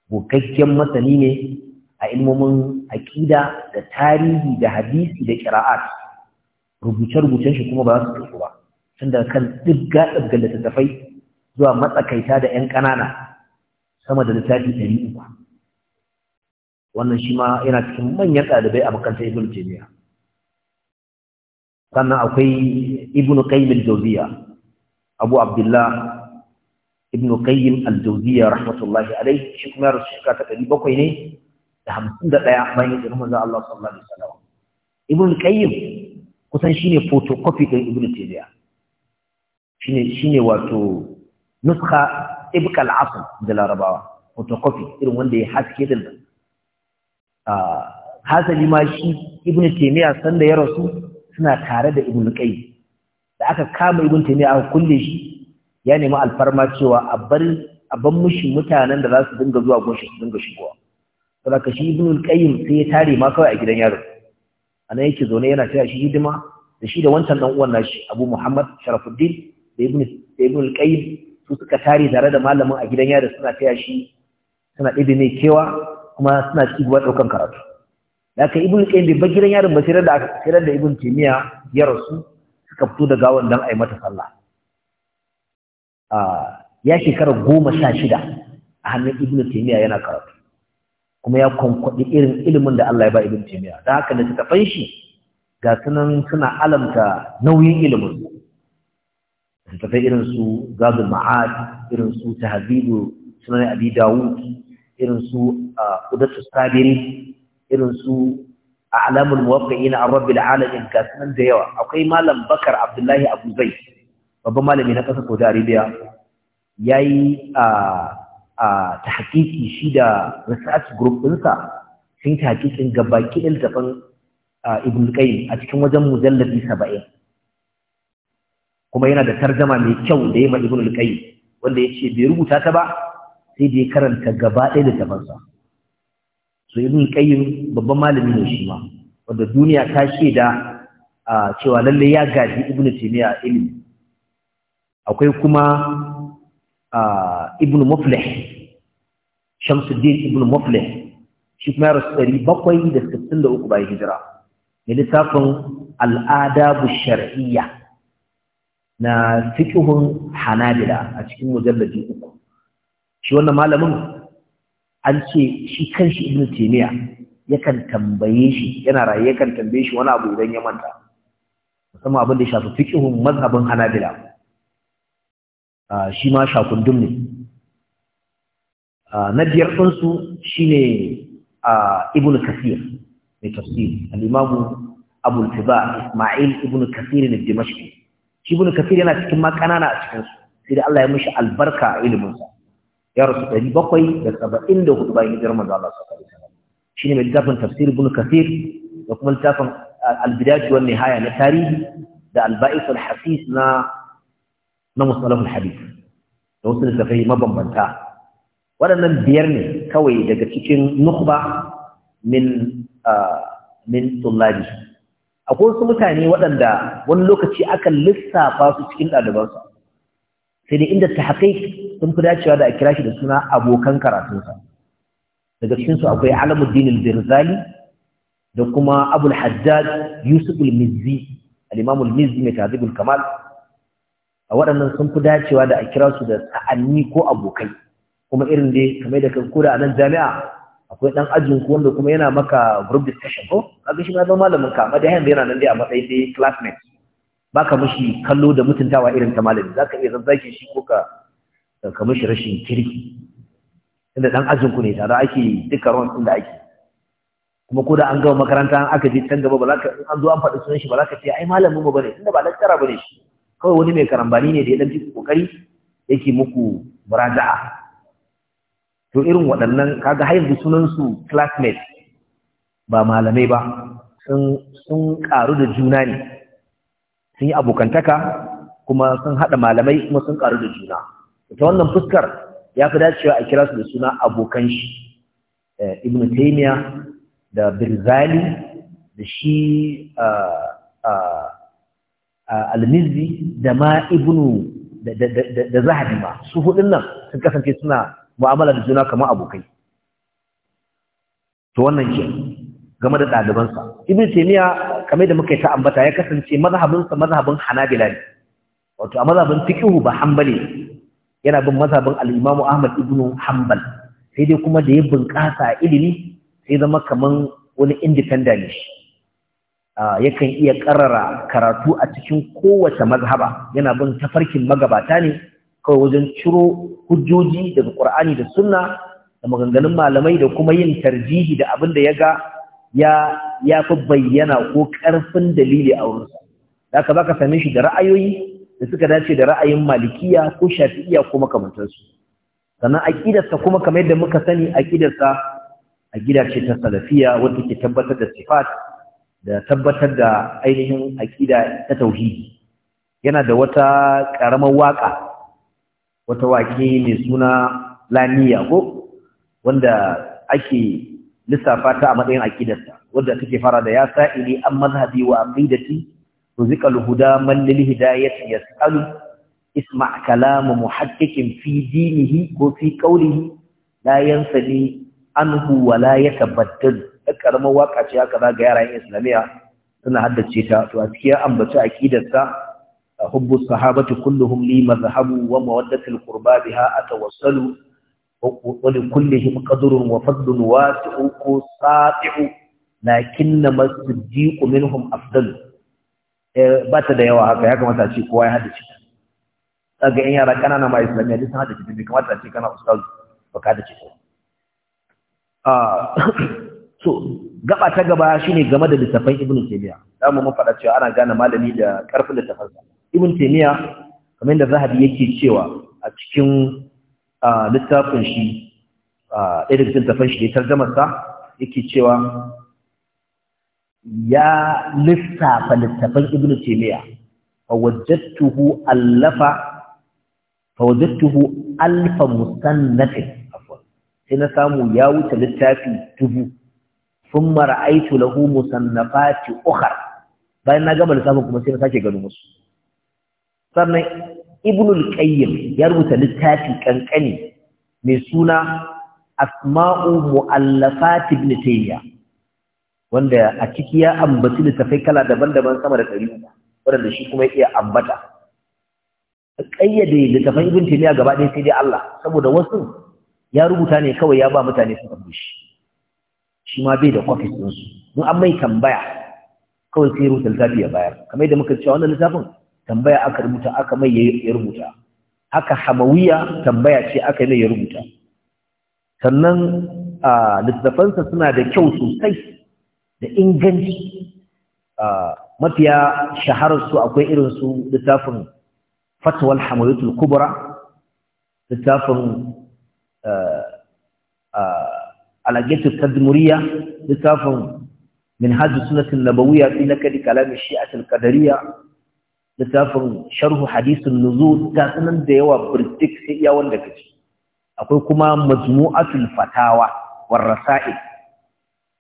bukakken masani ne a ilmomin aqida da tarihi da hadisi da qira'at rubuce-rubucen shi kuma ba su tafi ba tunda kan ɗibga ɗibga littattafai zuwa matsakaita da 'yan ƙanana sama da littafi ɗari uku wannan shi ma yana cikin manyan ɗalibai a makarantar ibn jami'a sannan akwai ibn qayyim al-jawziya abu abdullah ibn qayyim al-jawziya rahmatullahi alayhi shi kuma rasu shekara ta ɗari bakwai ne da hamsin da ɗaya bayan hijirar manzon Allah sallallahu alaihi wasallam ibn qayyim kusan shine photocopy din ibnu taymiya shine shine wato nuskha ibqal asl da larabawa photocopy irin wanda ya haske din ah hasali ma shi ibnu taymiya sanda ya rasu suna tare da ibnu qayyim da aka kama ibnu taymiya aka kulle shi ya nemi alfarma cewa a bar a mushi mutanen da za su dinga zuwa gonshi su dinga shigowa saboda shi ibnu qayyim sai ya tare ma kawai a gidan yaro anan yake zaune yana taya shi hidima da shi da wancan dan uwan nashi Abu Muhammad Sharafuddin da Ibn Ibn al-Qayyim su suka tare tare da malamin a gidan yari suna taya shi suna ɗebe ne kewa kuma suna ci gaba ɗaukan karatu da aka Ibn al-Qayyim bai gidan yarin ba sai da aka sai da Ibn Taymiyyah ya rasu suka fito da gawan dan ai mata sallah ah, ya shekara goma sha shida a hannun Ibn Taymiyyah yana karatu kuma ya kwankwaɗi irin ilimin da Allah ya ba ibn taymiya dan haka da suka fanshi ga sunan suna alamta nauyin ilimin littafai irin su zadul ma'ad irin su tahzibu sunan abi dawud irin su udatu sabiri irin su a'lamul muwaqqi'ina ar-rabbil alamin ga sunan da yawa akwai malam bakar abdullahi abu zaid babban malami na kasar saudi arabia yayi a a ta hakiki shi da research group ɗinsa sun ta hakikin gabaki littafin ibn qayyim a cikin wajen mujallabi saba'in kuma yana da tarjama mai kyau da ya ma ibn qayyim wanda ya bai rubuta ta ba sai da ya karanta gaba ɗaya da sa so ibn qayyim babban malami ne shi ma wanda duniya ta shaida cewa lalle ya gaji ibn timiya ilimi akwai kuma ibn muflih shamsuddin ibn muflih shi kuma ya rasu ɗari bakwai da sittin da uku bayan hijira mai littafin al'adabu shar'iyya na fikihun hanabila a cikin mujallaji uku shi wannan malamin an ce shi shi ibn taymiya yakan tambaye shi yana raye yakan tambaye shi wani abu idan ya manta musamman abin da ya shafi fikihun mazhabin hanabila ah, shi ma shakundum ne na biyar ɗinsu shi ne ibn kasir mai tafsiri al'imamu ismail ibn kasir na dimashki shi ibn kasir yana cikin ma ƙanana a cikinsu sai da Allah ya mishi albarka a iliminsa ya rasu ɗari bakwai da saba'in da hudu bayan hijirar manzo Allah sallallahu alaihi shi ne mai littafin tafsir ibn kasir da kuma littafin al-bidayah nihaya na tarihi da al-ba'is na na musalahul hadith da wasu littafai mabambanta waɗannan biyar ne kawai daga cikin nukba ah, min tullabi akwai wasu mutane waɗanda wani lokaci akan lissafa su cikin ɗalibansa sai dai inda ta haƙai sun fi dacewa da a kira shi da suna abokan karatunsa daga cikinsu akwai alamuddin al-birzali da kuma abul hajjaj yusuf al-mizzi al mizzi mai tazibul kamal a waɗannan sun fi dacewa da a kira su da sa'anni ko abokai kuma irin dai kamar da kan kura a nan jami'a akwai dan ajin ku wanda kuma yana maka group discussion ko kaga shi ma zama malamin ka amma da yanzu yana nan dai a matsayin dai classmate baka mishi kallo da mutuntawa irin ta malami zaka iya zazzaki shi ko ka ka mishi rashin kirki inda dan ajin ku ne tare ake duka ruwan din da ake kuma ko da an gama makaranta an aka je can gaba ba za ka an zo an faɗi sunan shi ba za ka ce ai malamin mu bane tunda ba lakkara bane shi kawai wani mai karambani ne da ya dan ji kokari yake muku muraja'a to irin waɗannan kaga har yanzu sunansu classmates ba malamai ba sun ƙaru da juna ne sun yi abokantaka kuma sun haɗa malamai kuma sun ƙaru da juna ta wannan fuskar ya fi dacewa a kira su da suna abokan shi eh, ibn taymiya da birzali da shi almizzi da ma ibnu da zahabi ma su hudun nan sun kasance suna mu'amala da juna kamar abokai to wannan ke game da ɗalibansa ibn taymiya kamar da muka yi ta ambata ya kasance mazhabinsa mazhabin hanabila ne wato a mazhabin fiqh ba hanbali yana bin mazhabin al-imam ahmad ibn hanbal sai dai kuma da ya bunƙasa ilimi sai zama kamar wani independent ne yakan iya karara karatu a cikin kowace mazhaba yana bin tafarkin magabata ne kawai wajen ciro hujjoji daga Qur'ani da Sunna da maganganun malamai da kuma yin tarjihi da abin da ya ga ya ya fi bayyana ko ƙarfin dalili a wurinsa ba zaka same shi da ra'ayoyi da suka dace da ra'ayin malikiya ko shafi'iya ko makamantarsu? sannan aƙidarsa kuma kamar yadda muka sani aƙidarsa gida ce ta salafiya wanda ke tabbatar da sifat da tabbatar da ainihin aƙida ta tauhidi yana da wata karamar waƙa. wata wake mai suna lamiya ko wanda ake lissafa ta a matsayin aqidarsa wanda take fara da ya sa'ili an mazhabi wa aqidati ruziqal huda man lil hidayati yas'alu isma' kalam muhaqqiqin fi dinihi ko fi qawlihi la yansali anhu wa la yatabaddal karama waka ce haka ya yaran islamiya suna haddace ta to a cikin ambaci aqidarsa أحب الصحابة كلهم لي مذهب ومودة القربى بها أتوصل ولكلهم قدر وفضل واسع ساطع لكن ما الصديق منهم أفضل بات da yawa haka ya kamata a ce kowa ya haddace kaga in yara kanana ma islamiyya duk sun haddace bai kamata a أستاذ kana ustaz الشيء so gaba ta gaba shine game da littafan ibnu taymiya zamu mun faɗa cewa ana gane malami da karfin littafansa ibn taymiya kamar da zahabi yake cewa a cikin littafin shi ɗaya daga cikin tafan shi ya tarjamar sa yake cewa ya lissafa littafan ibn taymiya fawajjatuhu allafa fawajjatuhu alfa musannafin sai na samu ya wuce littafi dubu thumma ra'aytu lahu musannafati ukhra bayan na gama lissafin kuma sai na sake gano musu sannan ibnul qayyim ya rubuta littafi kankani mai suna asma'u mu'allafat ibn taymiya wanda a ciki ya ambaci littafai kala daban-daban sama da ɗari wanda shi kuma iya ambata ƙayyade littafin ibn taymiya gaba ɗaya sai dai Allah saboda wasu ya rubuta ne kawai ya ba mutane su tambaye shi shi ma bai da kwafis ɗinsu Mun an mai tambaya kawai sai rubuta littafi ya bayar kamar yadda muka ce wannan littafin tambaya aka rubuta aka mai ya rubuta haka hamawiya tambaya ce aka mai ya rubuta sannan littattafansa suna da kyau sosai da inganci mafiya shahararsu akwai irin su littafin fatwal hamawiyatul kubra littafin alaƙetu tadmuriya littafin min hajji sunatun nabawiya fi na kadi kalamin shi'atul kadariya littafin sharhu hadisin nuzul ta sanan da yawa birtik sai iya wanda kace akwai kuma majmu'atul fatawa war rasail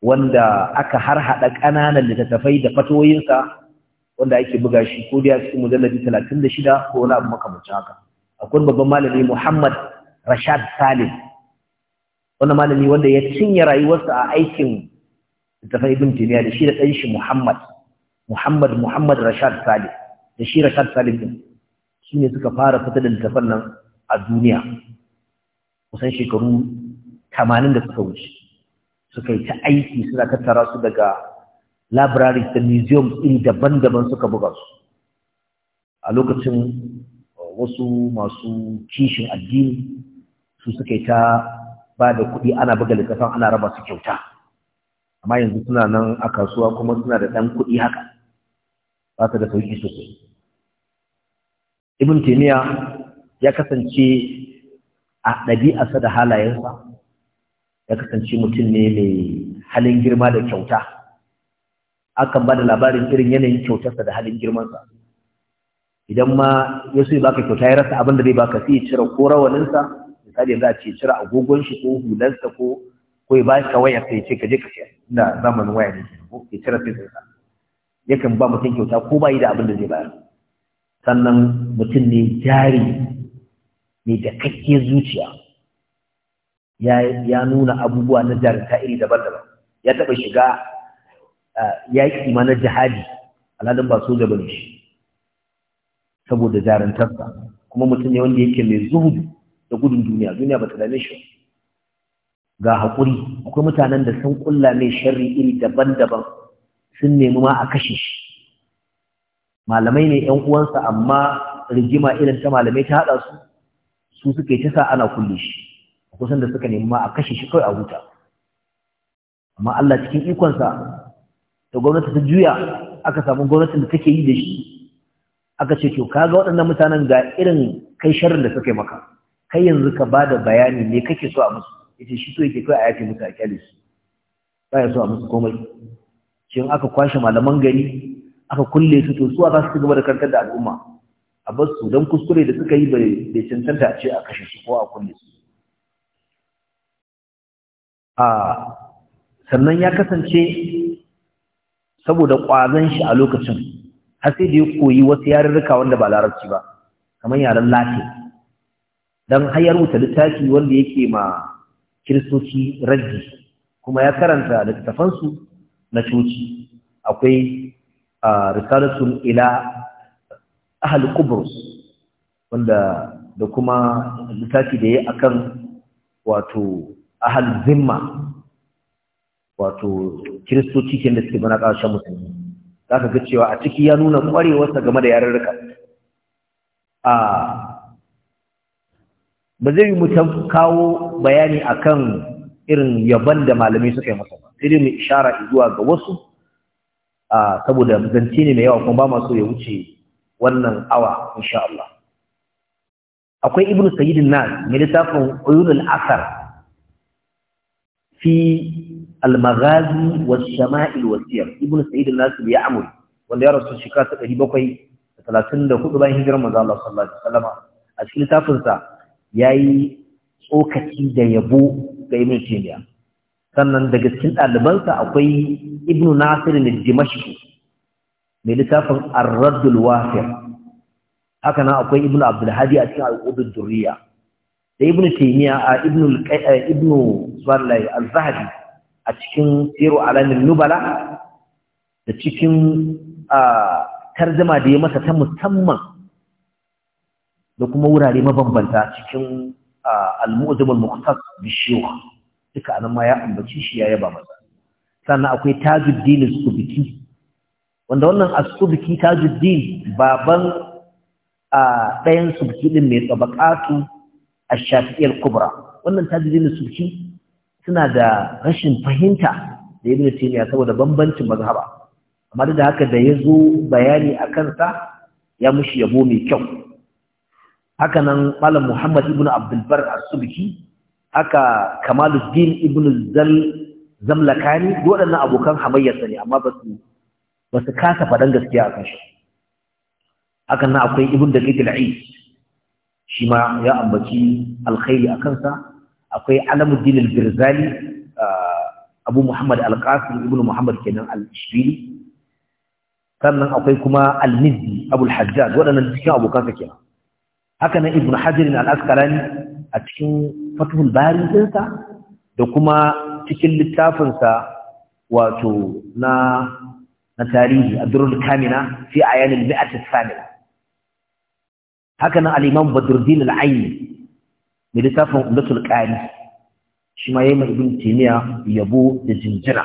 wanda aka harhaɗa ƙananan littattafai da fatoyinsa wanda ake buga shi ko da cikin mujalladi 36 ko wani abu makamancin haka akwai babban malami Muhammad Rashad Salim wannan malami wanda ya cinye rayuwarsa a aikin littattafai ibn Taymiyyah da shi da ɗan shi Muhammad Muhammad Muhammad Rashad Salim da shi Rashad salihin shi ne suka fara fita da littafan nan a duniya kusan shekaru 80 da suka wuce suka yi ta aiki suna tattara su daga labirari da museum iri daban-daban suka buga su a lokacin uh, wasu masu kishin addini su suka yi ta ba da kuɗi ana buga littafan ana raba su kyauta amma yanzu suna nan a kasuwa kuma suna da ɗan kuɗi haka ba su da sauki sosai ibn taymiya ya kasance a ɗabi'arsa da halayensa ya kasance mutum ne mai halin girma da kyauta akan ba da labarin irin yanayin kyautarsa da halin girmansa idan ma ya so ya baka kyauta ya rasa abin da zai baka sai ya cire ko rawaninsa misali yanzu a ce cire agogon shi ko hulansa ko ko ya bashi waya sai ce ka je ka ce zamanin waya ne ko ya cire sai yakan ba mutum kyauta ko ba yi da abin da zai bayar sannan mutum ne jari ne da kakke zuciya ya nuna abubuwa na jarinta iri daban-daban ya taɓa shiga eh, yaƙi ma na jihadi alhalin ba soja bane shi saboda jarintarsa kuma mutum ne wanda yake mai zuhudu da gudun duniya duniya ba ta dame shi ga haƙuri akwai mutanen da sun ƙulla mai sharri iri daban-daban sun nemi ma a kashe shi malamai ne ƴan uwansa amma rigima irin ta malamai ta haɗa su su suka yi ta sa ana kulle shi kusan da suka nemi ma a kashe shi kawai a huta amma Allah cikin ikonsa da gwamnati ta juya aka samu gwamnatin da take yi da shi aka ce to kaga waɗannan mutanen ga irin kai sharrin da suka yi maka kai yanzu ka bada bayani ne kake so a musu yace shi to yake kai a yafe musu a kyale su ba ya so a musu komai shin aka kwashe malaman gari aka kulle su to su za su gaba da kantar da al'umma a bar su don kuskure da suka yi bai cancanta a ce a kashe su ko a kulle su a sannan ya kasance saboda ƙwazon shi a lokacin har sai da ya koyi wasu yarurruka wanda ba larabci ba kamar yaren lati don hayar wuta littafi wanda yake ma kiristoci raggi kuma ya karanta littattafansu na coci akwai risalatun ila ahal kubrus wanda da kuma littafi da ya akan wato ahal zimma wato kiristoci ke da suke bana ƙarshen musulmi za ka ga cewa a ciki ya nuna ƙwarewarsa game da yarurruka a ba zai yi mutum kawo bayani akan irin yaban da malamai suka yi masa ba sai dai mai ishara zuwa ga wasu saboda zance ne mai yawa kuma ba masu ya wuce wannan awa insha Allah akwai ibnu sayyidin nas mai littafin uyunul asar fi al-maghazi shama'il wa siyar ibnu sayyidin nas ya Amur wanda ya rasu shekara ta 734 bayan hijirar manzo Allah sallallahu alaihi wasallam a cikin littafinsa sa yayi tsokaci da yabo ga ibnu taymiya sannan daga cikin ɗalibansa akwai ibn nasir da dimashki mai littafin arraddul wafir haka nan akwai ibn abdulhadi a cikin al'udud duriya da ibn taymiya a ibn ibn al a cikin siru alamin nubala da cikin tarjama da ya masa ta musamman da kuma wurare mabambanta cikin al-mu'jam al-muqtas duka anan ma ya ambaci shi ya yaba masa sannan akwai tajuddin subki wanda wannan as-subki tajuddin baban a ɗayan subki din mai tsabakatu ash kubra wannan tajuddin subki suna da rashin fahimta da ibn taymiya saboda bambancin mazhaba amma duk da haka da yazo bayani akan sa ya mushi yabo mai kyau haka nan malam muhammad ibn abdul bar as-subki aka kamaluddin ibn zamlakani waɗannan abokan hamayyarsa ne amma basu basu kasa faɗan gaskiya akan kan shi hakan nan akwai ibn da gidil ais shi ma ya ambaci alkhairi a kansa akwai alamuddin al-birzali abu muhammad al-qasim ibn muhammad kenan al-ishbili sannan akwai kuma al-mizzi abul hajjaj waɗannan cikin abokansa kenan haka nan ibn hajar al-asqalani a cikin fathul bari dinsa da kuma cikin littafinsa wato na na tarihi adrul kamina fi ayanil mi'at as-samila haka nan al-imam badruddin al-ayni ne littafin umdatul qari shi ma yayi ibn timiya yabo da jinjira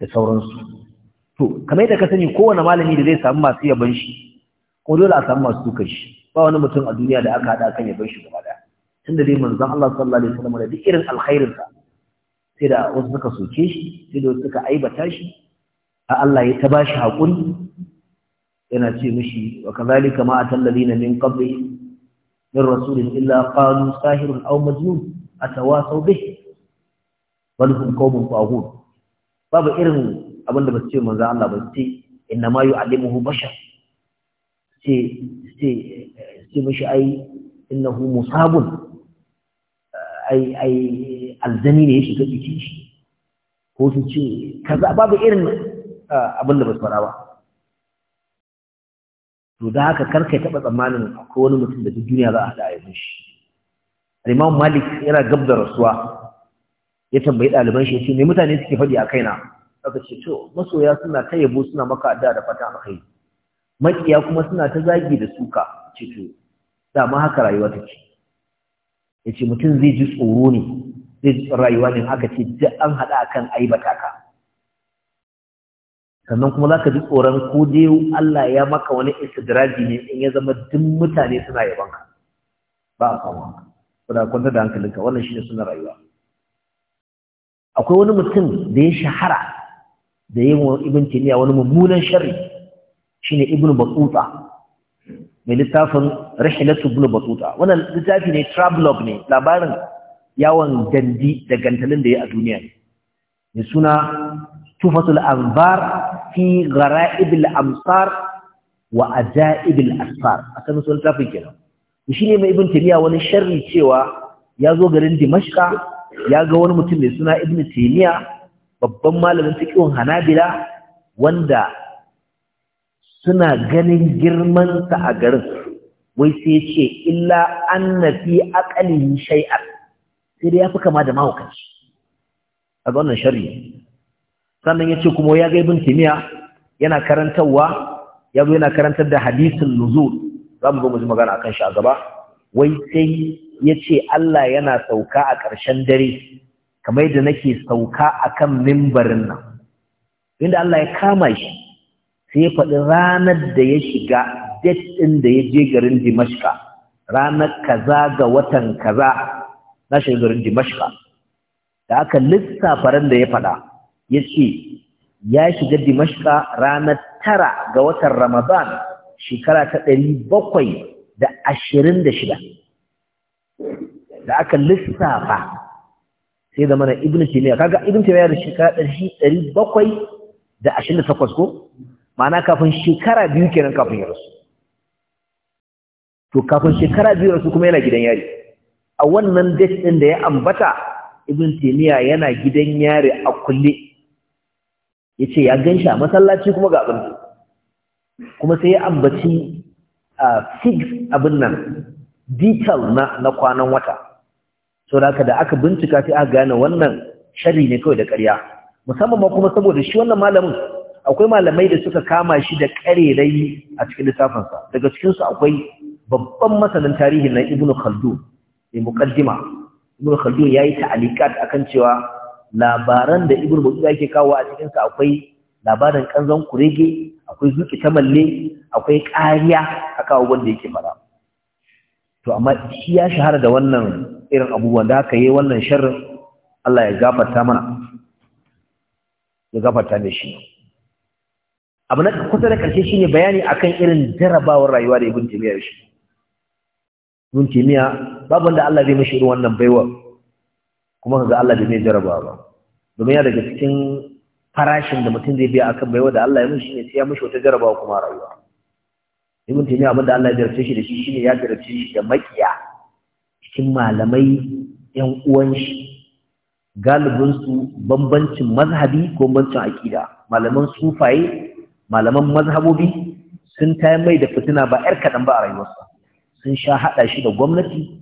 da sauransu to kamar yadda ka sani kowane malami da zai samu masu yabon shi ko dole a samu masu tukar shi ba wani mutum a duniya da aka haɗa kan ya bar shi gaba ɗaya tunda dai manzon Allah sallallahu alaihi wasallam da duk irin alkhairin ka. sai da wasu suka soke shi sai da wasu suka aibata shi a Allah ya ta bashi hakuri yana ce mishi wa kazalika ma atal na min qabli min rasulin illa qalu sahirun aw majnun atawasaw bih bal hum qawmun taghut babu irin abin da ba su ce manzon Allah ba su ce inna ma yu'allimuhu bashar sai mashi ai innahu musabun ai ai aljani ne ya shiga jikin shi ko su ce kaza babu irin abin da ba su fara ba to da haka karka taba tsammanin akwai wani mutum da duk duniya za a haɗa a shi Imam malik yana gab rasuwa ya tambayi ɗaliban shi ya ce me mutane suke faɗi a kaina aka ce to masoya suna ta yabo suna maka addu'a da fata kai. Maƙiya kuma suna ta zagi da suka cikin dama haka rayuwa ta ce. Ya ce mutum zai ji tsoro ne zai ji rayuwa ne haka ce duk an hada kan aibata ka sannan kuma za ka ji tsoron ko dai Allah ya maka wani istidraji ne in ya zama duk mutane suna yaban ka ba a samu haka kuna kwanta da hankalinka wannan shi ne suna rayuwa akwai wani mutum da ya shahara da yin ibn timiya wani mummunan sharri ne ibnu batuta mai littafin rahilatu Ibn batuta wannan littafi ne travelogue ne labarin yawon dandi da gantalin da ya a duniya ne suna tufatul anbar fi ghara'ibil amsar wa ajaibil asfar akan sunan littafin kenan shi ne mai ibn taymiya wani sharri cewa ya zo garin dimashqa ya ga wani mutum mai suna ibn taymiya babban malamin fiqhun hanabila wanda suna ganin girmansa a garin wai sai ce illa fi akalin shai'ar. sai dai fi kama da mahaukaci a ga wannan shari'a. sannan ya ce kuma ya ga ibin timiya yana Ya zo yana karantar da hadisin nuzul mu zo mu ji magana a kan shi a gaba wai sai ya ce Allah yana sauka a ƙarshen dare kamar yadda nake sauka a kan mimbarin nan inda Allah ya kama shi sai faɗi ranar da ya shiga date ɗin da ya je garin dimashka ranar kaza ga watan kaza na shiga garin dimashka da aka lissafa ran da ya faɗa ya ce ya shiga dimashka ranar tara ga watan ramadan shekara ta ɗari bakwai da ashirin da shida da aka lissafa sai da mana ibn taymiya kaga ibn taymiya da shekara ɗari bakwai da ashirin da takwas ko ma'ana kafin shekara biyu kenan kafin ya rasu to kafin shekara biyu rasu kuma yana gidan yari a wannan date ɗin da ya ambata ibn taymiya yana gidan yari a kulle Ya ce ya ganshi a masallaci kuma ga abin kuma sai ya ambaci a fix abin nan detail na na kwanan wata so da da aka bincika sai aka gane wannan shari ne kawai da ƙarya musamman ma kuma saboda shi wannan malamin akwai malamai da suka kama shi da karerai a cikin sa daga cikinsu akwai babban masanin tarihi na ibnu khaldun mai muqaddima ibnu khaldun yayi ta'alikat akan cewa labaran da ibnu bauta yake kawo a cikin sa akwai labarin kanzon kurege akwai zuki ta malle akwai ƙariya akan wanda yake fara to amma shi ya shahara da wannan irin abubuwan da aka yi wannan sharrin Allah ya gafarta mana ya gafarta da shi abu na kusa da ƙarshe shine bayani akan irin jarabawar rayuwa da ibn taymiya shi ibn taymiya babu wanda Allah zai mishi irin wannan baiwa kuma kaga Allah bai mai jarabawa ba domin ya daga cikin farashin da mutum zai biya akan baiwa da Allah ya mishi ne sai ya mishi wata jarabawa kuma rayuwa ibn taymiya abinda Allah ya jarabce shi da shi shine ya jarabce shi da makiya cikin malamai yan uwan shi galibinsu bambancin mazhabi ko bambancin aƙida, malaman sufaye malaman mazhabobi sun tayar mai da fitina ba ‘yar kaɗan ba a rayuwarsa sun sha haɗa shi da gwamnati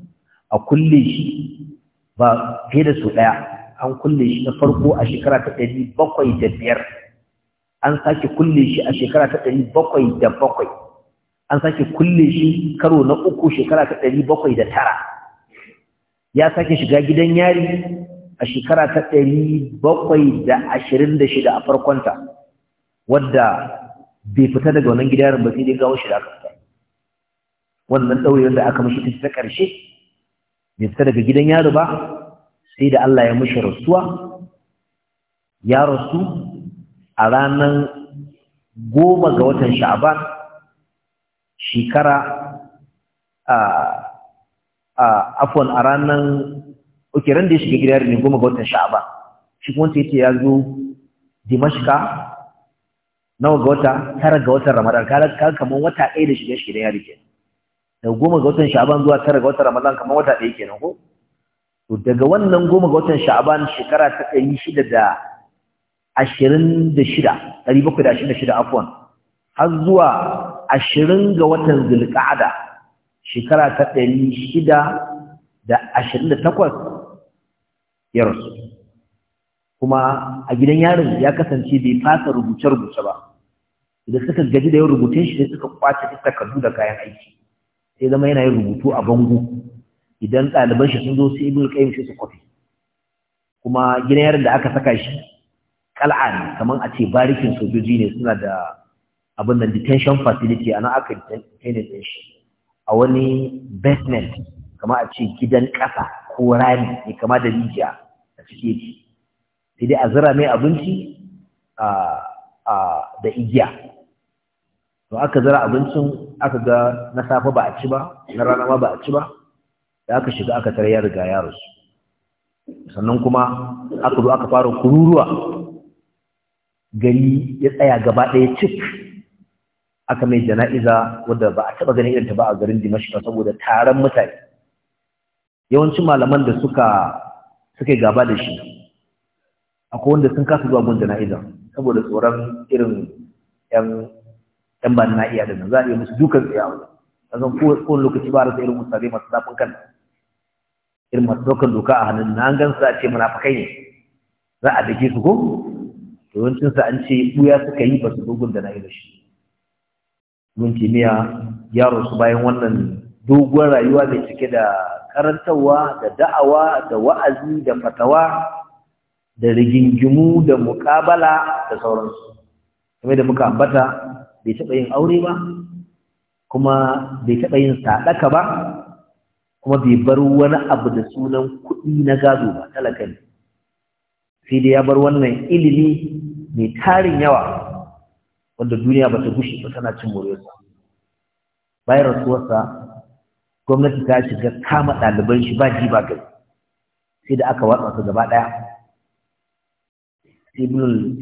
a kulle shi ba fiye da su ɗaya an kulle shi na farko a shekara ta ɗari bakwai da biyar an sake kulle shi a shekara ta ɗari bakwai da bakwai an sake kulle shi karo na uku shekara ta ɗari bakwai da tara ya sake shiga gidan yari a shekara ta ɗari bakwai da ashirin da shida a farkonta wadda bai fita daga wannan gida yaron ba sai dai gawo shi da aka fita wannan dauri wanda aka mashi ta ƙarshe bai fita daga gidan yaro ba sai da Allah ya mashi rasuwa ya rasu a ranar goma ga watan sha'aban shekara a a afwan a ranar oke ran da ya shiga gidan yaron ne goma ga watan sha'aban shi kuma sai ya zo dimashka nawa ga wata tara ga watan ramadan ka kamar wata ɗaya da shige shige ya rike da goma ga watan sha'aban zuwa tara ga watan ramadan kamar wata ɗaya kenan ko to daga wannan goma ga watan sha'aban shekara ta ɗari shida da ashirin da shida ɗari bakwai da ashirin da shida afwan har zuwa ashirin ga watan zulƙa'ada shekara ta ɗari shida da ashirin da takwas ya rasu kuma a gidan yarin ya kasance bai fasa rubuce-rubuce ba da suka gaji da yin rubutun shi ne suka kwace duk takardu da kayan aiki sai zama yana yin rubutu a bango idan ɗaliban shi sun zo sai ibn qayyim sai su kwafi kuma gidan yaron da aka saka shi kal'a ne kamar a ce barikin sojoji ne suna da abin da detention facility ana aka detain din shi a wani basement kamar a ce gidan ƙasa ko rami ne kama da rijiya a ciki sai a zira mai abinci da igiya to aka zira abincin aka ga na safe ba a ci ba na rana ma ba a ci ba da aka shiga aka tare ya riga ya sannan kuma aka zo aka fara kururuwa gari ya tsaya gaba ɗaya cik aka mai jana'iza wadda ba a taɓa ganin ta ba a garin dimashika saboda taron mutane yawancin malaman da suka suka gaba da shi akwai wanda sun kasa zuwa gun jana'iza saboda tsoron irin yan yan ban na iya da za a iya musu dukan tsayawa. wani a zan kowane lokaci ba rasa irin mutane masu zafin kan irin masu ɗaukar doka a hannun na an gan su a ce munafukai ne za a dake su ko sa an ce ɓuya suka yi ba su dogon da na yi da shi mun kimiyya yaro su bayan wannan doguwar rayuwa mai cike da karantarwa da da'awa da wa'azi da fatawa da rigingimu da muƙabala da sauransu kamar da muka ambata bai taɓa yin aure ba kuma bai taɓa yin saɗaka ba kuma bai bar wani abu da sunan kuɗi na gado ba talaka sai dai ya bar wannan ilimi mai tarin yawa wanda duniya ba ta gushe ba tana cin muryarsa bayan rasuwarsa gwamnati ta shiga kama ɗaliban shi ba ji ba gari sai da aka watsa su gaba ɗaya ibnul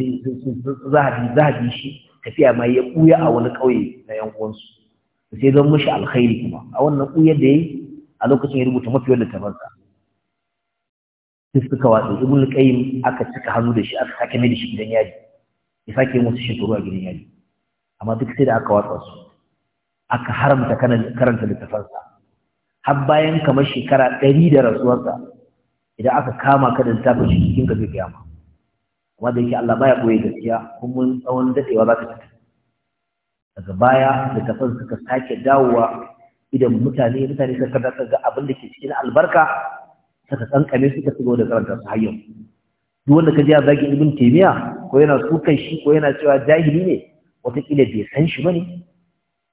zahabi zahabi shi tafiya ma ya buya a wani kauye na yan uwansu sai zan mushi alkhairi kuma a wannan buya da yayi a lokacin ya rubuta mafi wanda tabarka sai suka watsa ibnul qayyim aka cika hannu da shi aka sake mai da shi gidan yaji ya sake musu shi turuwa gidan yaji amma duk sai da aka watsa su aka haramta karanta littafansa har bayan kamar shekara ɗari da rasuwarsa idan aka kama ka da littafin cikin ka zai kiyama wanda yake Allah baya koyi gaskiya Kun mun tsawon dadewa za ka ci daga baya da kafin suka sake dawowa idan mutane mutane suka daga ga abin da ke cikin albarka suka tsankame suka shigo da karanta su hayyau duk wanda ka ji zagi ibn taymiya ko yana sukan shi ko yana cewa jahili ne wataƙila bai san shi bane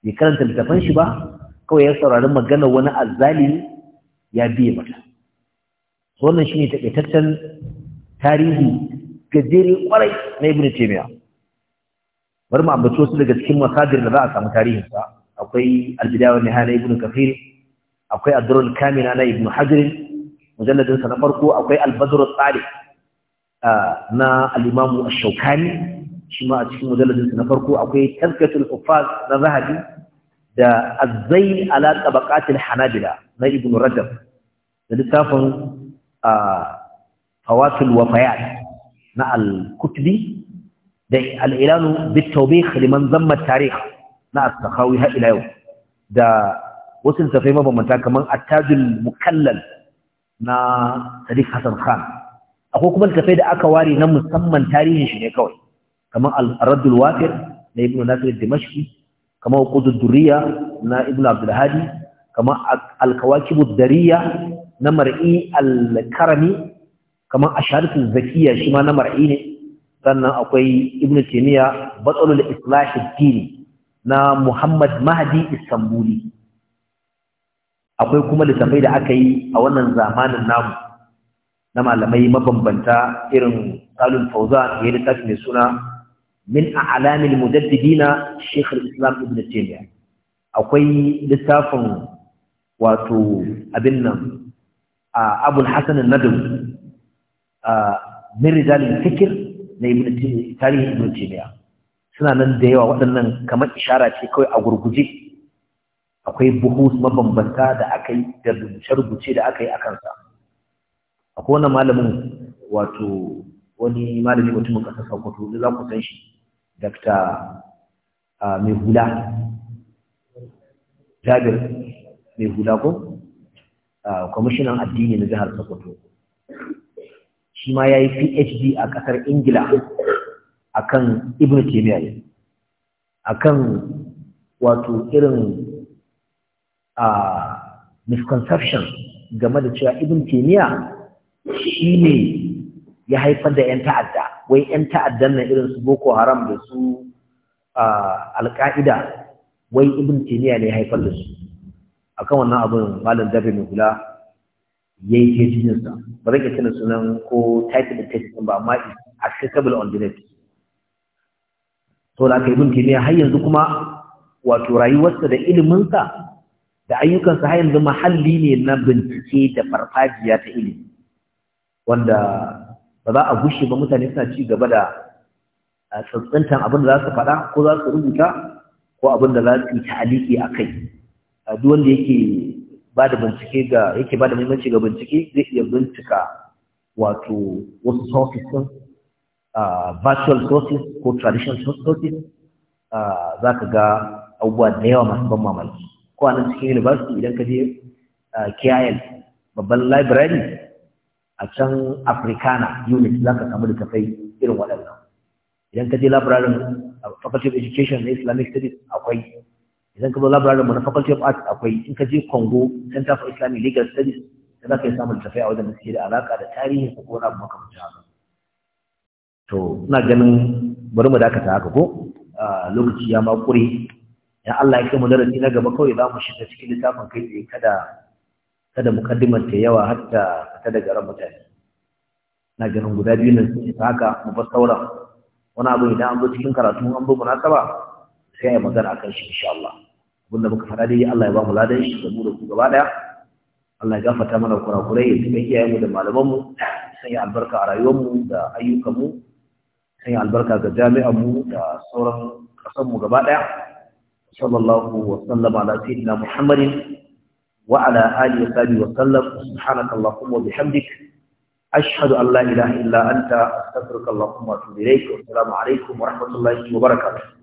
bai karanta littafan shi ba kawai ya saurari magana wani azzalimi ya biye mata wannan shine takaitaccen tarihi gajere kwarai na ibn taymiya bari mu ambaci wasu daga cikin masadir da za a samu tarihin sa akwai Albidawa bidaya wa ibn kathir akwai ad kamina na ibn hajar mujalladin sa na farko akwai al Tsari ah, na al-imam ash-shawkani shi ma a cikin mujalladin sa na farko akwai tazkiyatul huffaz na zahabi da azai zayn ala tabaqatil hanabila na ibn rajab da littafin ah, fawatul wafayat na al-kutubi da al-ilanu bit-tawbih liman zamma tarikh na as-sakhawi ha ila yau da wasu tafai mabambanta kaman kamar tajul mukallal na Sadiq Hassan Khan akwai kuma tafai da aka ware na musamman tarihin shi ne kawai Kamar al-raddul wafir na ibnu Nasir Dimashqi kamar qudud durriya na ibnu Abdulhadi, kamar kaman al-kawakibud dariya na mar'i al-karami kamar asharatu zakiya shi ma na mar'i ne sannan akwai ibn taymiya batsalul islah ad na muhammad mahdi istanbuli akwai kuma littafai da aka yi a wannan zamanin namu na malamai mabambanta irin salul fauzan ya littafi mai suna min a'lamil mujaddidina shaykh islam ibn taymiya akwai littafin wato abin nan a abul hasan an min rijalil fikr na ibn tarihi ibn tibiya suna nan da yawa waɗannan kamar ishara ce kawai a gurguje akwai buhus mabambanta da aka da rubuce-rubuce da aka yi a kansa akwai wani malamin wato wani malami mutumin ƙasar sokoto da za ku san shi dr mai jabir mai hula ko kwamishinan addini na jihar sokoto shi ma ya yi PhD a ƙasar Ingila kan Ibn Taymiyyah ne akan wato irin a misconception game da cewa Ibn shi ne ya haifar da 'yan ta'adda wai 'yan ta'addan na irin su Boko Haram da su alka'ida wai ibn timiya ne haifar da su a kan wannan abin malam dabe mai hula yayi testin sa ba zai kira sunan ko title testin ba amma accessible on the to da kai bin kimiyya har yanzu kuma wato rayuwarsa da ilimin sa da ayyukansa har yanzu mahalli ne na bincike da farfajiya ta ilimi wanda ba za a gushe ba mutane suna ci gaba da tsantsantan abin da za su faɗa ko za su rubuta ko abin da za su yi ta'aliki a kai duk wanda yake ba da bincike ga yake ba da muhimmanci ga bincike zai iya bincika wato wasu sources din virtual sources ko traditional sources za ka ga abubuwa da yawa masu ban mamaki ko a nan cikin university idan ka je KIL babban library a can africana unit za ka samu littafai irin waɗannan idan ka je library faculty of education na islamic studies akwai idan ka zo mu na faculty of arts akwai in ka je congo center for islamic legal studies da za ka yi samun tafiya wajen da suke da alaka da tarihi ko kuma abu makamancin haka to ina ganin bari mu dakata haka ko lokaci ya makure ya Allah ya kai mu darasi na gaba kawai za mu shiga cikin littafin kai tsaye kada kada mukaddimar ta yawa hatta ta daga ran mutane na ganin guda biyu nan sun isa haka mu bar sauran wani abu idan an zo cikin karatu an bi munasaba sai a magana akan shi insha Allah abinda muka faɗa dai Allah ya ba mu ladan shi da mu da ku gaba daya Allah ya gafarta mana kurakurai ya tuka iyayenmu da malamanmu sanya albarka a rayuwarmu da ayyukanmu sanya albarka ga jami'anmu da sauran ƙasarmu gaba daya sallallahu wa sallama ala sayyidina muhammadin wa ala alihi wa sahbihi wa sallam subhanaka allahumma wa bihamdik ashhadu an la ilaha illa anta astaghfiruka allahumma wa atubu ilayk wa assalamu alaikum wa rahmatullahi wa barakatuh